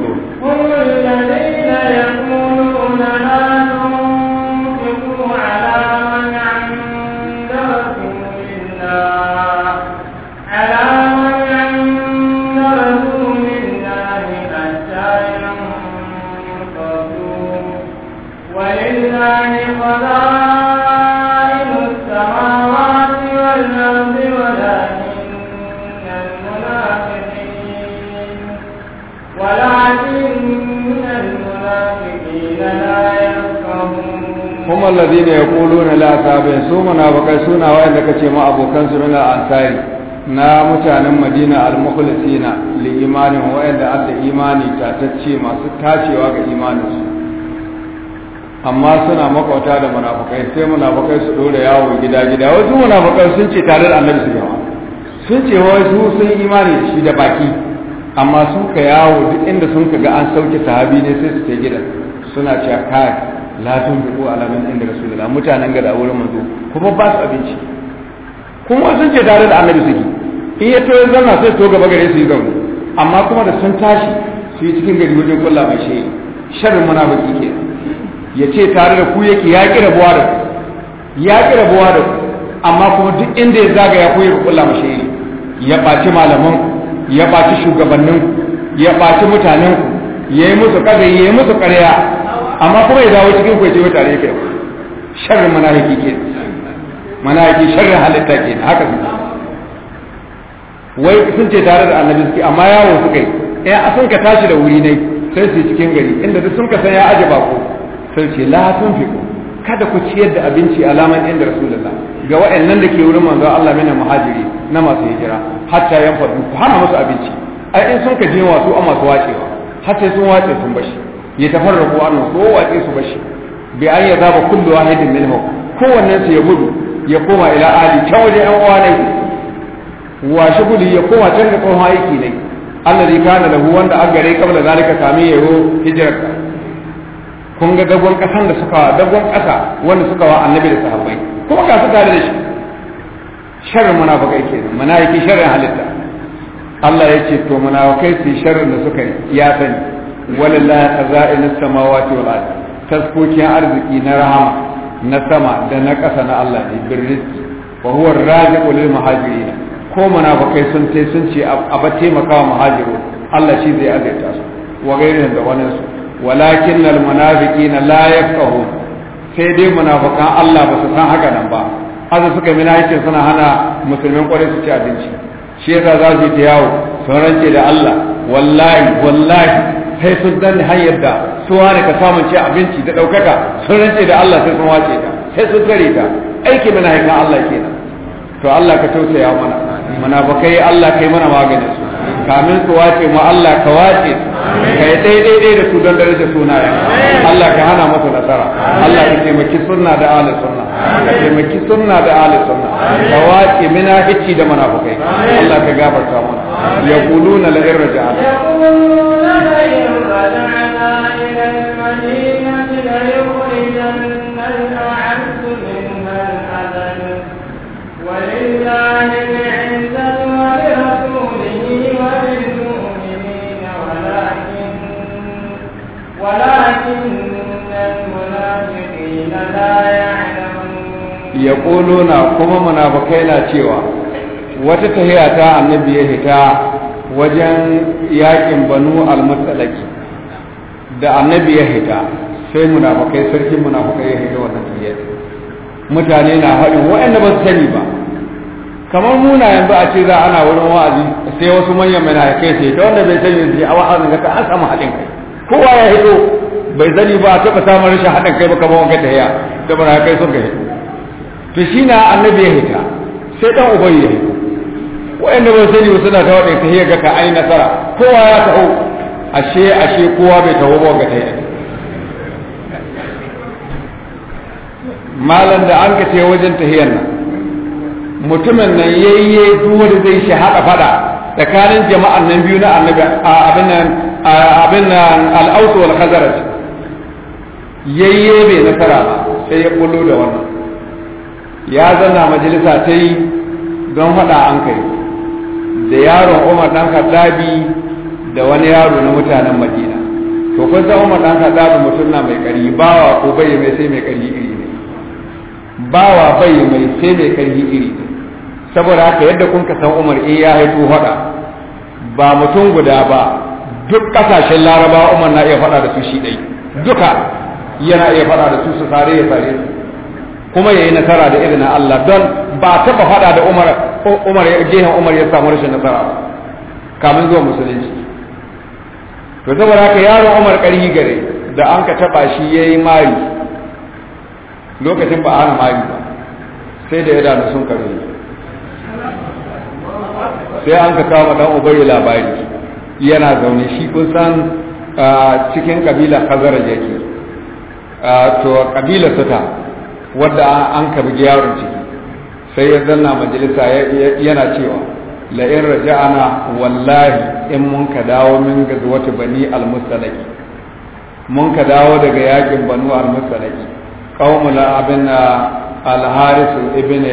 هم الذين يقولون آمنا ce ma abokan su mina ansari na mutanen madina al-mukhlisina li imanin wa'anda adda imani ta tatacce masu tacewa ga imaninsu amma suna makwauta da munafukai sai munafukai su dora yawo gida gida wasu munafukai sun ce tare da annabi su yawa sun ce wai su sun imani da shi da baki amma sun ka yawo duk inda sun ka ga an sauke sahabi ne sai su ce gida suna cewa kai la tun bi ko alamin inda rasulullah mutanen gada wurin manzo kuma ba su abinci kuma sun ce tare da annabi suke in ya toye zanna sai to gaba gare su yi zaune amma kuma da sun tashi su yi cikin gari wajen kulla mai shi sharrin munafiki ke ya ce tare da ku yake ya kira buwa da ku ya kira buwa da ku amma kuma duk inda ya zagaya ku yake kulla mai shi ya ɓaci malaman ya ɓaci shugabannin ya ɓaci mutanen ku ya yi musu kaza ya yi musu ƙarya amma kuma ya dawo cikin ku ya ce wata ne ke sharrin munafiki ke Mana manaki sharrin halitta ke haka su wai sun ce tare da annabi suke amma yawo suka yi ɗaya eh, sun ka tashi da wuri ne sai su cikin gari inda duk sun ka san ya aje bako sai ce la tun fi kada ku ciyar da abinci alaman inda rasulullah ga wa'annan da ke wurin manzo Allah mina muhajiri na masu hijira hatta yan fadu ku hana musu abinci ai in sun ka je wasu a masu wacewa har sun wace sun bashi ya tafarraku an ko wace su bashi bi ayyaza ba zaba kullu wahidin minhum kowannen su ya gudu ya koma ila ali can waje yan uwa ne wa shuguli ya koma can ga tsohon aiki ne Allah zai kana da wanda an gare kabla zalika kame yaro ro hijirar kun ga dagon kasan da suka dagon kasa wanda suka wa annabi da sahabbai kuma ga su tare da shi sharrin munafikai nan munafiki sharrin halitta Allah ya ce to munafikai su sharrin da suka yi ya sani walillahi khaza'inus samawati wal ard taskokin arziki na rahama na sama da na ƙasa na Allah ne birnin. wa huwa raji'u lil muhajirin ko munafikai sun ce sun ce a ba taimaka muhajiru Allah shi zai azaita su wa gairin da wani su walakin lal munafiqina la yafqahu sai dai munafikan Allah ba su san haka nan ba azu suka mina yake suna hana musulmin kwarai su ci abinci shi yasa za su yi ta yawo sun rance da Allah wallahi wallahi sai sun danne hanyar da suwa ne ka samun ce abinci da ɗaukaka sun rance da Allah sai sun wace ta sai sun tare ta aiki mana haika Allah kenan to Allah ka tausaya mana mana ba kai Allah kai mana maganin su kamin su wace mu Allah ka wace ka yi daidai da su don daraja sunayen Allah ka hana musu nasara Allah ka taimaki sunna da ahli sunna ka taimaki sunna da ahli sunna ka wace mina hici da kai Allah ka gafarta mana yaquluna la irja'ana yaquluna la irja'ana ya na kuma munafukai na cewa wata tahiya ta annabi ya hita wajen yakin banu almutalaki da annabi ya hita sai munafukai sarkin munafukai ya hita wannan tahiya mutane na haɗin waɗanda ba su sani ba kamar muna yanzu a ce za ana wurin wa'azi sai wasu manyan mai na kai sai ta wanda bai sani sai a wa'azin ka an samu haɗin kai kowa ya hito bai zani ba a taɓa samun rashin haɗin kai ba kamar wanka haya da haka kai sun kai to shi na annabi ya hita sai dan ubayi ya hita wa'anda ba sani ba suna tawa ta haya ga ka ai nasara kowa ya taho ashe ashe kowa bai taho ba wanka ta haya malam da an ka ce wajen haya nan mutumin nan yayye duwar zai shi haɗa fada tsakanin jama'an nan biyu na annabi abin nan abin wal khazraj yayye bai nasara ba sai ya bullo da wannan ya zanna majalisa ta yi don haɗa an kai da yaron umar ɗan kaddabi da wani yaro na mutanen madina to kun san umar ɗan kaddabi mutum na mai ƙari bawa ko bai mai sai mai ƙari iri ne bawa bai mai sai mai ƙari iri ne saboda haka yadda kun san umar in eh, ya haifu haɗa ba mutum guda ba duk ƙasashen laraba umar na iya faɗa da su shi ɗai duka yana iya fada da su su sare ya sare su kuma yayi nasara da irin Allah don ba taba fada da Umar Umar ya gehen Umar ya samu rashin nasara kamin zuwa musulunci to saboda haka yaron Umar karhi gare da an ka taba shi yayi mari lokacin ba ana mari ba sai da yada da sun kare sai an ka kawo dan ubayi labari yana zaune shi kun san cikin kabila kazara yake to kabila sata wadda an kabi yaron ciki sai ya zanna majalisa yana cewa in raja'ana wallahi in mun ka dawo min ga wata bani al-mustalaki mun ka dawo daga yakin banu al-mustalaki qaumul abin al-haris ibn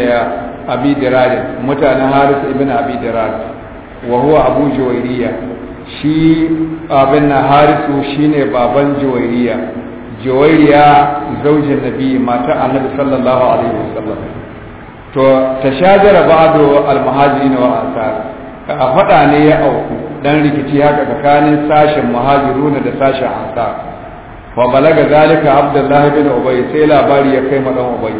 abi dirad mutanen haris ibn abi dirad wa huwa abu juwayriya shi abin harisu shine baban juwayriya jawairiya zaujin nabi mata annabi sallallahu alaihi wasallam to shajara ba'du almuhajirin wa ansar a fada ne ya auku dan rikici haka tsakanin sashen muhajiruna da sashen ansar fa balaga zalika abdullahi bin ubay sai labari ya kai madan ubay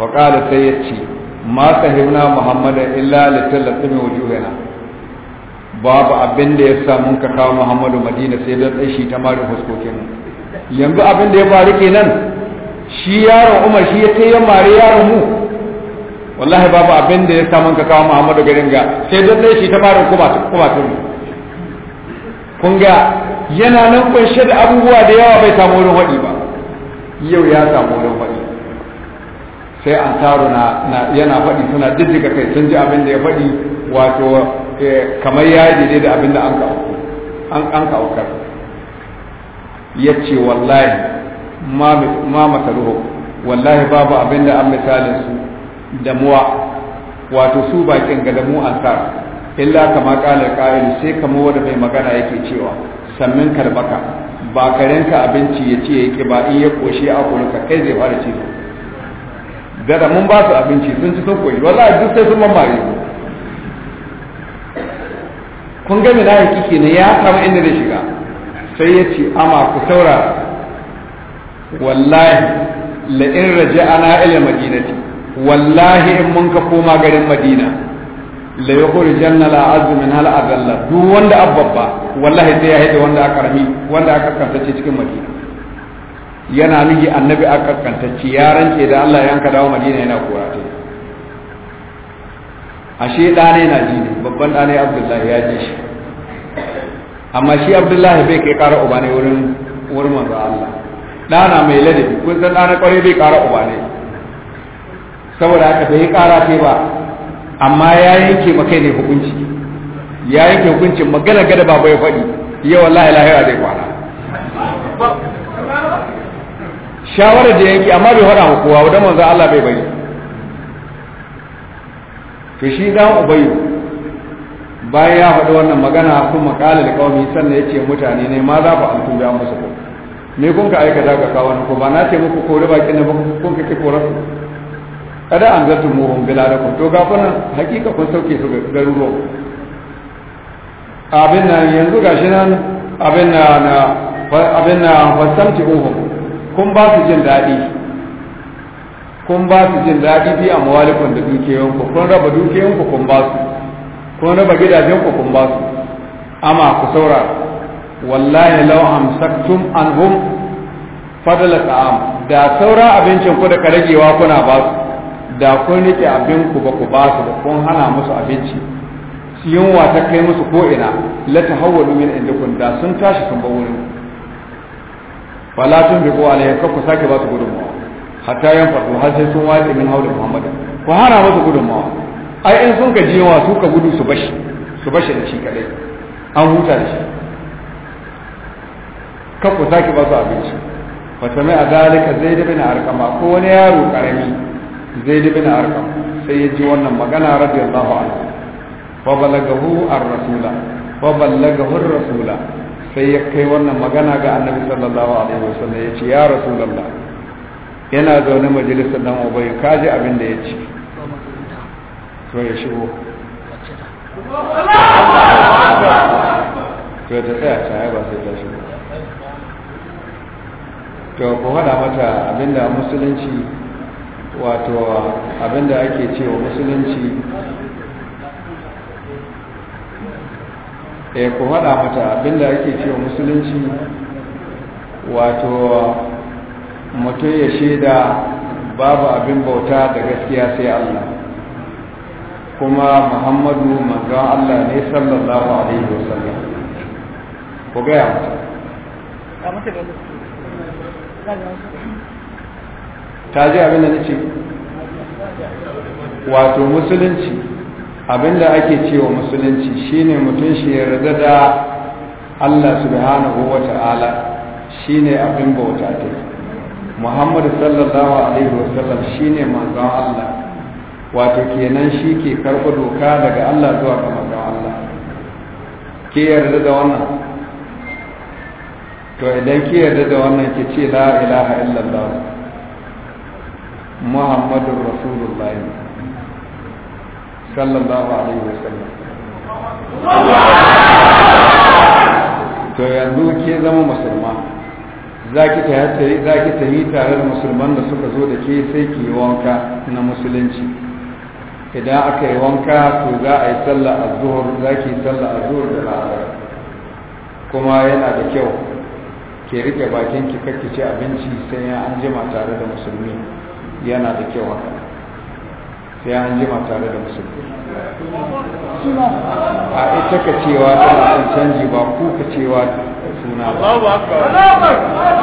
fa qala sai yace ma sahibna muhammad illa litallatin wujuhana babu abinda da ya sa mun ka kawo muhammadu madina sai dan ta mari fuskokin mu yanzu abin da ya faru kenan shi yaron umar shi ya kai ya mare yaron mu wallahi babu abin da ya samu ka kawo muhammadu garin ga sai don shi ta fara kuma tuni kun ga yana nan kunshe da abubuwa da yawa bai samu wurin waɗi ba yau ya samu wurin waɗi sai an taro na yana faɗi suna jijjiga kai sun ji abin da ya faɗi wato eh, kamar ya yi daidai da abin da an ka aukar ya ce wallahi ma masaruhu wallahi babu abin da an misalin su da muwa wato su bakin ga da mu ansar illa kama kalar ƙa'il sai kama wanda mai magana yake cewa sannan karbaka ba karenka abinci ya ce yake ba in ya koshe a kurinka kai zai fara ci gada mun ba su abinci sun ci sun koyi wallahi duk sai sun mamaye. kun ga mina hakiki ne ya samu inda zai shiga sai ya ce ama ku saurara wallahi la in raja'ana ila madinati wallahi in mun ka koma garin madina la yukhrijanna la azm min hal azalla duk wanda abbabba wallahi sai ya haɗe wanda aka rami wanda aka kantace cikin madina yana nuhi annabi aka kantace ya rance da Allah yanka dawo madina yana kora ta ashe ɗane na ji ne babban ɗane abdullahi ya ji shi amma shi abdullahi bai kai ƙara uba ne wurin wurin manzo Allah ɗana mai ladabi kun san ɗana ƙwarai bai ƙara uba ne saboda haka bai kara sai ba amma ya yanke makai ne hukunci ya yanke hukuncin magana gada ba bai faɗi yau Allah lahira zai kwana shawarar da yanke amma bai faɗa kowa wadda manzo Allah bai bari to shi dan ubayyu bayan ya faɗi wannan magana kuma da liqaumi sannan ya ce mutane ne ma za ku an tuba musu ko me kun ka aikata kawo wani ko ba na ce muku kori bakin na ba kun ka ke kore su kada an zartu da ku. to ga kuna hakika kun sauke su garuruwa abin nan yanzu shi nan abin na abin na fasamti uhum kun ba su jin daɗi kun ba su jin daɗi fi amwalikum da dukiyoyinku kun raba dukiyoyinku kun ba su ko na ba gidajen ku kun ba su amma ku saura wallahi law amsaktum anhum fadala ta'am da saura abincin ku da ka kuna ba su da kun rike abin ku ba ku ba su da kun hana musu abinci yunwa ta kai musu ko ina la tahawwalu min indakum da sun tashi sun ba wurin fala tun bi ko alai ka ku sake ba su gudunmawa hatta yan fadu har sai sun wace min haulin muhammad ku hana musu gudunmawa ai in sun ka yawa su ka gudu su bashi su bashi da shi kadai an huta da shi kafa sake ba su abinci fa sami a dalika zai da bin arkama ko wani yaro karami zai da bin arkama sai ya ji wannan magana radiyallahu anhu fa balagahu ar-rasula fa balagahu ar-rasula sai ya kai wannan magana ga annabi sallallahu alaihi wasallam ya ce ya rasulullah yana zaune majalisar dan ubayy kaji abin da ya ce to ya shigo to to eh, ku haɗa mata ake e mata abinda ake cewa musulunci wato mutum ya shaida babu abin bauta da gaskiya sai Allah kuma muhammadu manzon Allah ne sallallahu alaihi wasallam ku gaya mata ta ji abin da nace wato musulunci abin da ake cewa musulunci shine mutum shi yarda da Allah subhanahu wa ta'ala shine abin bauta ta Muhammadu sallallahu alaihi wasallam shine manzon Allah wato kenan shi ke karɓi doka daga Allah zuwa ga manzon Allah ke yarda da wannan to idan ke yarda da wannan ke ce la ilaha illallah muhammadur rasulullah sallallahu alaihi wasallam to yanzu ke zama musulma za ki ta yi tare da musulman da suka zo da ke sai ki yi wanka na musulunci idan aka yi wanka to za a yi sallah a zuhur za ki yi sallah a da la'asar kuma yana da kyau ke rike bakin ki kakki ci abinci sai ya an jima tare da musulmi yana da kyau haka sai an jima tare da musulmi a ita ka cewa tana son canji ba ku ka cewa suna ba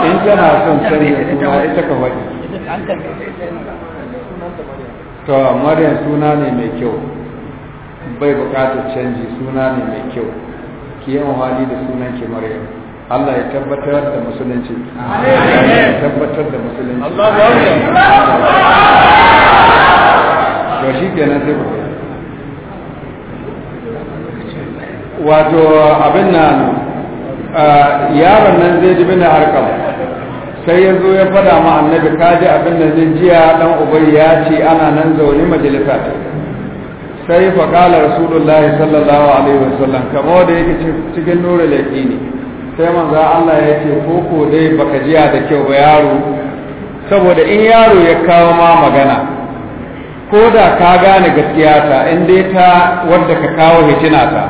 in tana son canji ba ita ka faɗi to maryam suna ne mai kyau bai bukatar canji suna ne mai kyau ki yi amfani da sunan ki maryam Allah ya tabbatar da musulunci ya tabbatar da musulunci to shi kenan sai wato abin nan ah, yaron nan zai jibi na harkar sai ya zo ya fada ma annabi kaji ji abin da zai jiya dan ubai ya ce ana nan zaune majalisa sai fa kala rasulullah sallallahu alaihi wasallam kamo da yake cikin nura ne sai manzo Allah ya ce ko ko dai baka jiya da kyau ba yaro saboda in yaro ya kawo ma magana ko da ka gane gaskiya ta in dai ta wanda ka kawo hitina ta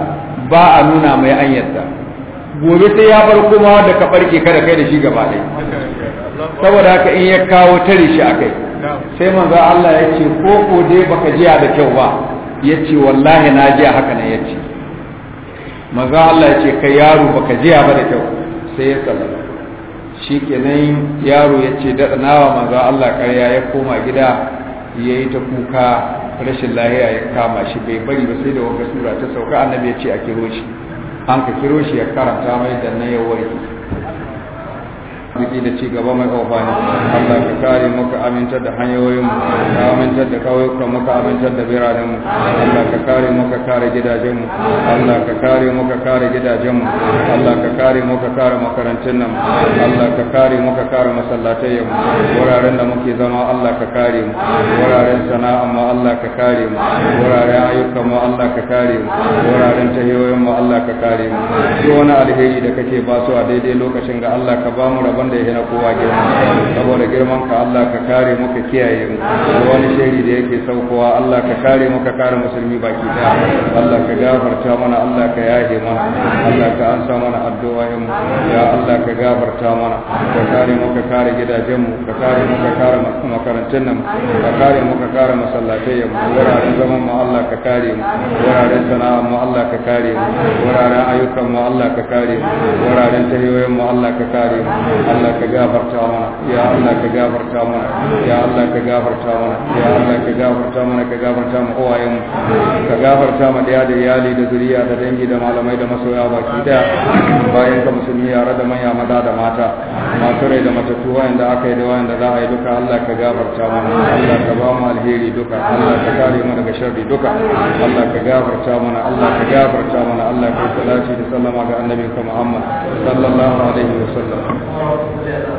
ba a nuna mai anyarta gobe sai ya bar kuma da ka barke kada kai da shi gaba ɗaya saboda haka in ya kawo tare shi a kai sai manzo Allah ya ce ko ko dai baka jiya da kyau ba ya ce wallahi na jiya haka ne ya ce manzo Allah ya ce kai yaro baka jiya ba da kyau sai ya tsalla shi kenan yaro ya ce da nawa manzo Allah ƙarya ya koma gida ya yi ta kuka rashin lahiya ya kama shi bai bari ba sai da wanga sura ta sauka annabi ya ce a kiro shi an ka kiro shi ya karanta mai da na ya warke arziki da ci gaba mai amfani Allah ka kare mu amintar da hanyoyin mu ka amintar da kauyukan mu amintar da biranen mu Allah ka kare muka kare gidajen mu Allah ka kare muka kare gidajen mu Allah ka kare muka kare makarantun nan Allah ka kare muka kare masallatai mu wuraren da muke zama Allah ka kare mu wuraren sana'a mu Allah ka kare mu wuraren ayyukan mu Allah ka kare mu wuraren tahiyoyin mu Allah ka kare mu duk wani alheri da kake ba su a daidai lokacin ga Allah ka ba mu rabon wanda ya na kowa girma saboda girman ka Allah ka kare mu ka kiyaye mu da wani shiri da yake saukowa Allah ka kare mu ka kare musulmi baki daya Allah ka gafarta mana Allah ka yahe mana Allah ka ansa mana addu'o'in mu ya Allah ka gafarta mana ka kare mu ka kare gidajen mu ka kare mu ka kare makarantun mu ka kare mu ka kare masallatai mu wuraren zaman mu Allah ka kare mu wuraren sana'a mu Allah ka kare mu wuraren ayyukan mu Allah ka kare mu wuraren tahiyoyin mu Allah ka kare mu Allah ka gafarta mana ya Allah ka gafarta mana ya Allah ka gafarta mana ya Allah ka gafarta mana ka gafarta mu uwayen ka gafarta mana da da iyali da zuriya da dangi da malamai da masoya baki daya bayan ka musulmi yare da manya maza da mata masu rai da matattu wayanda aka yi da wayanda za a yi duka Allah ka gafarta mana Allah ka ba mu alheri duka Allah ka kare mu daga sharri duka Allah ka gafarta mana Allah ka gafarta mana Allah ka salati da sallama ga annabinka Muhammad sallallahu alaihi wasallam vertellen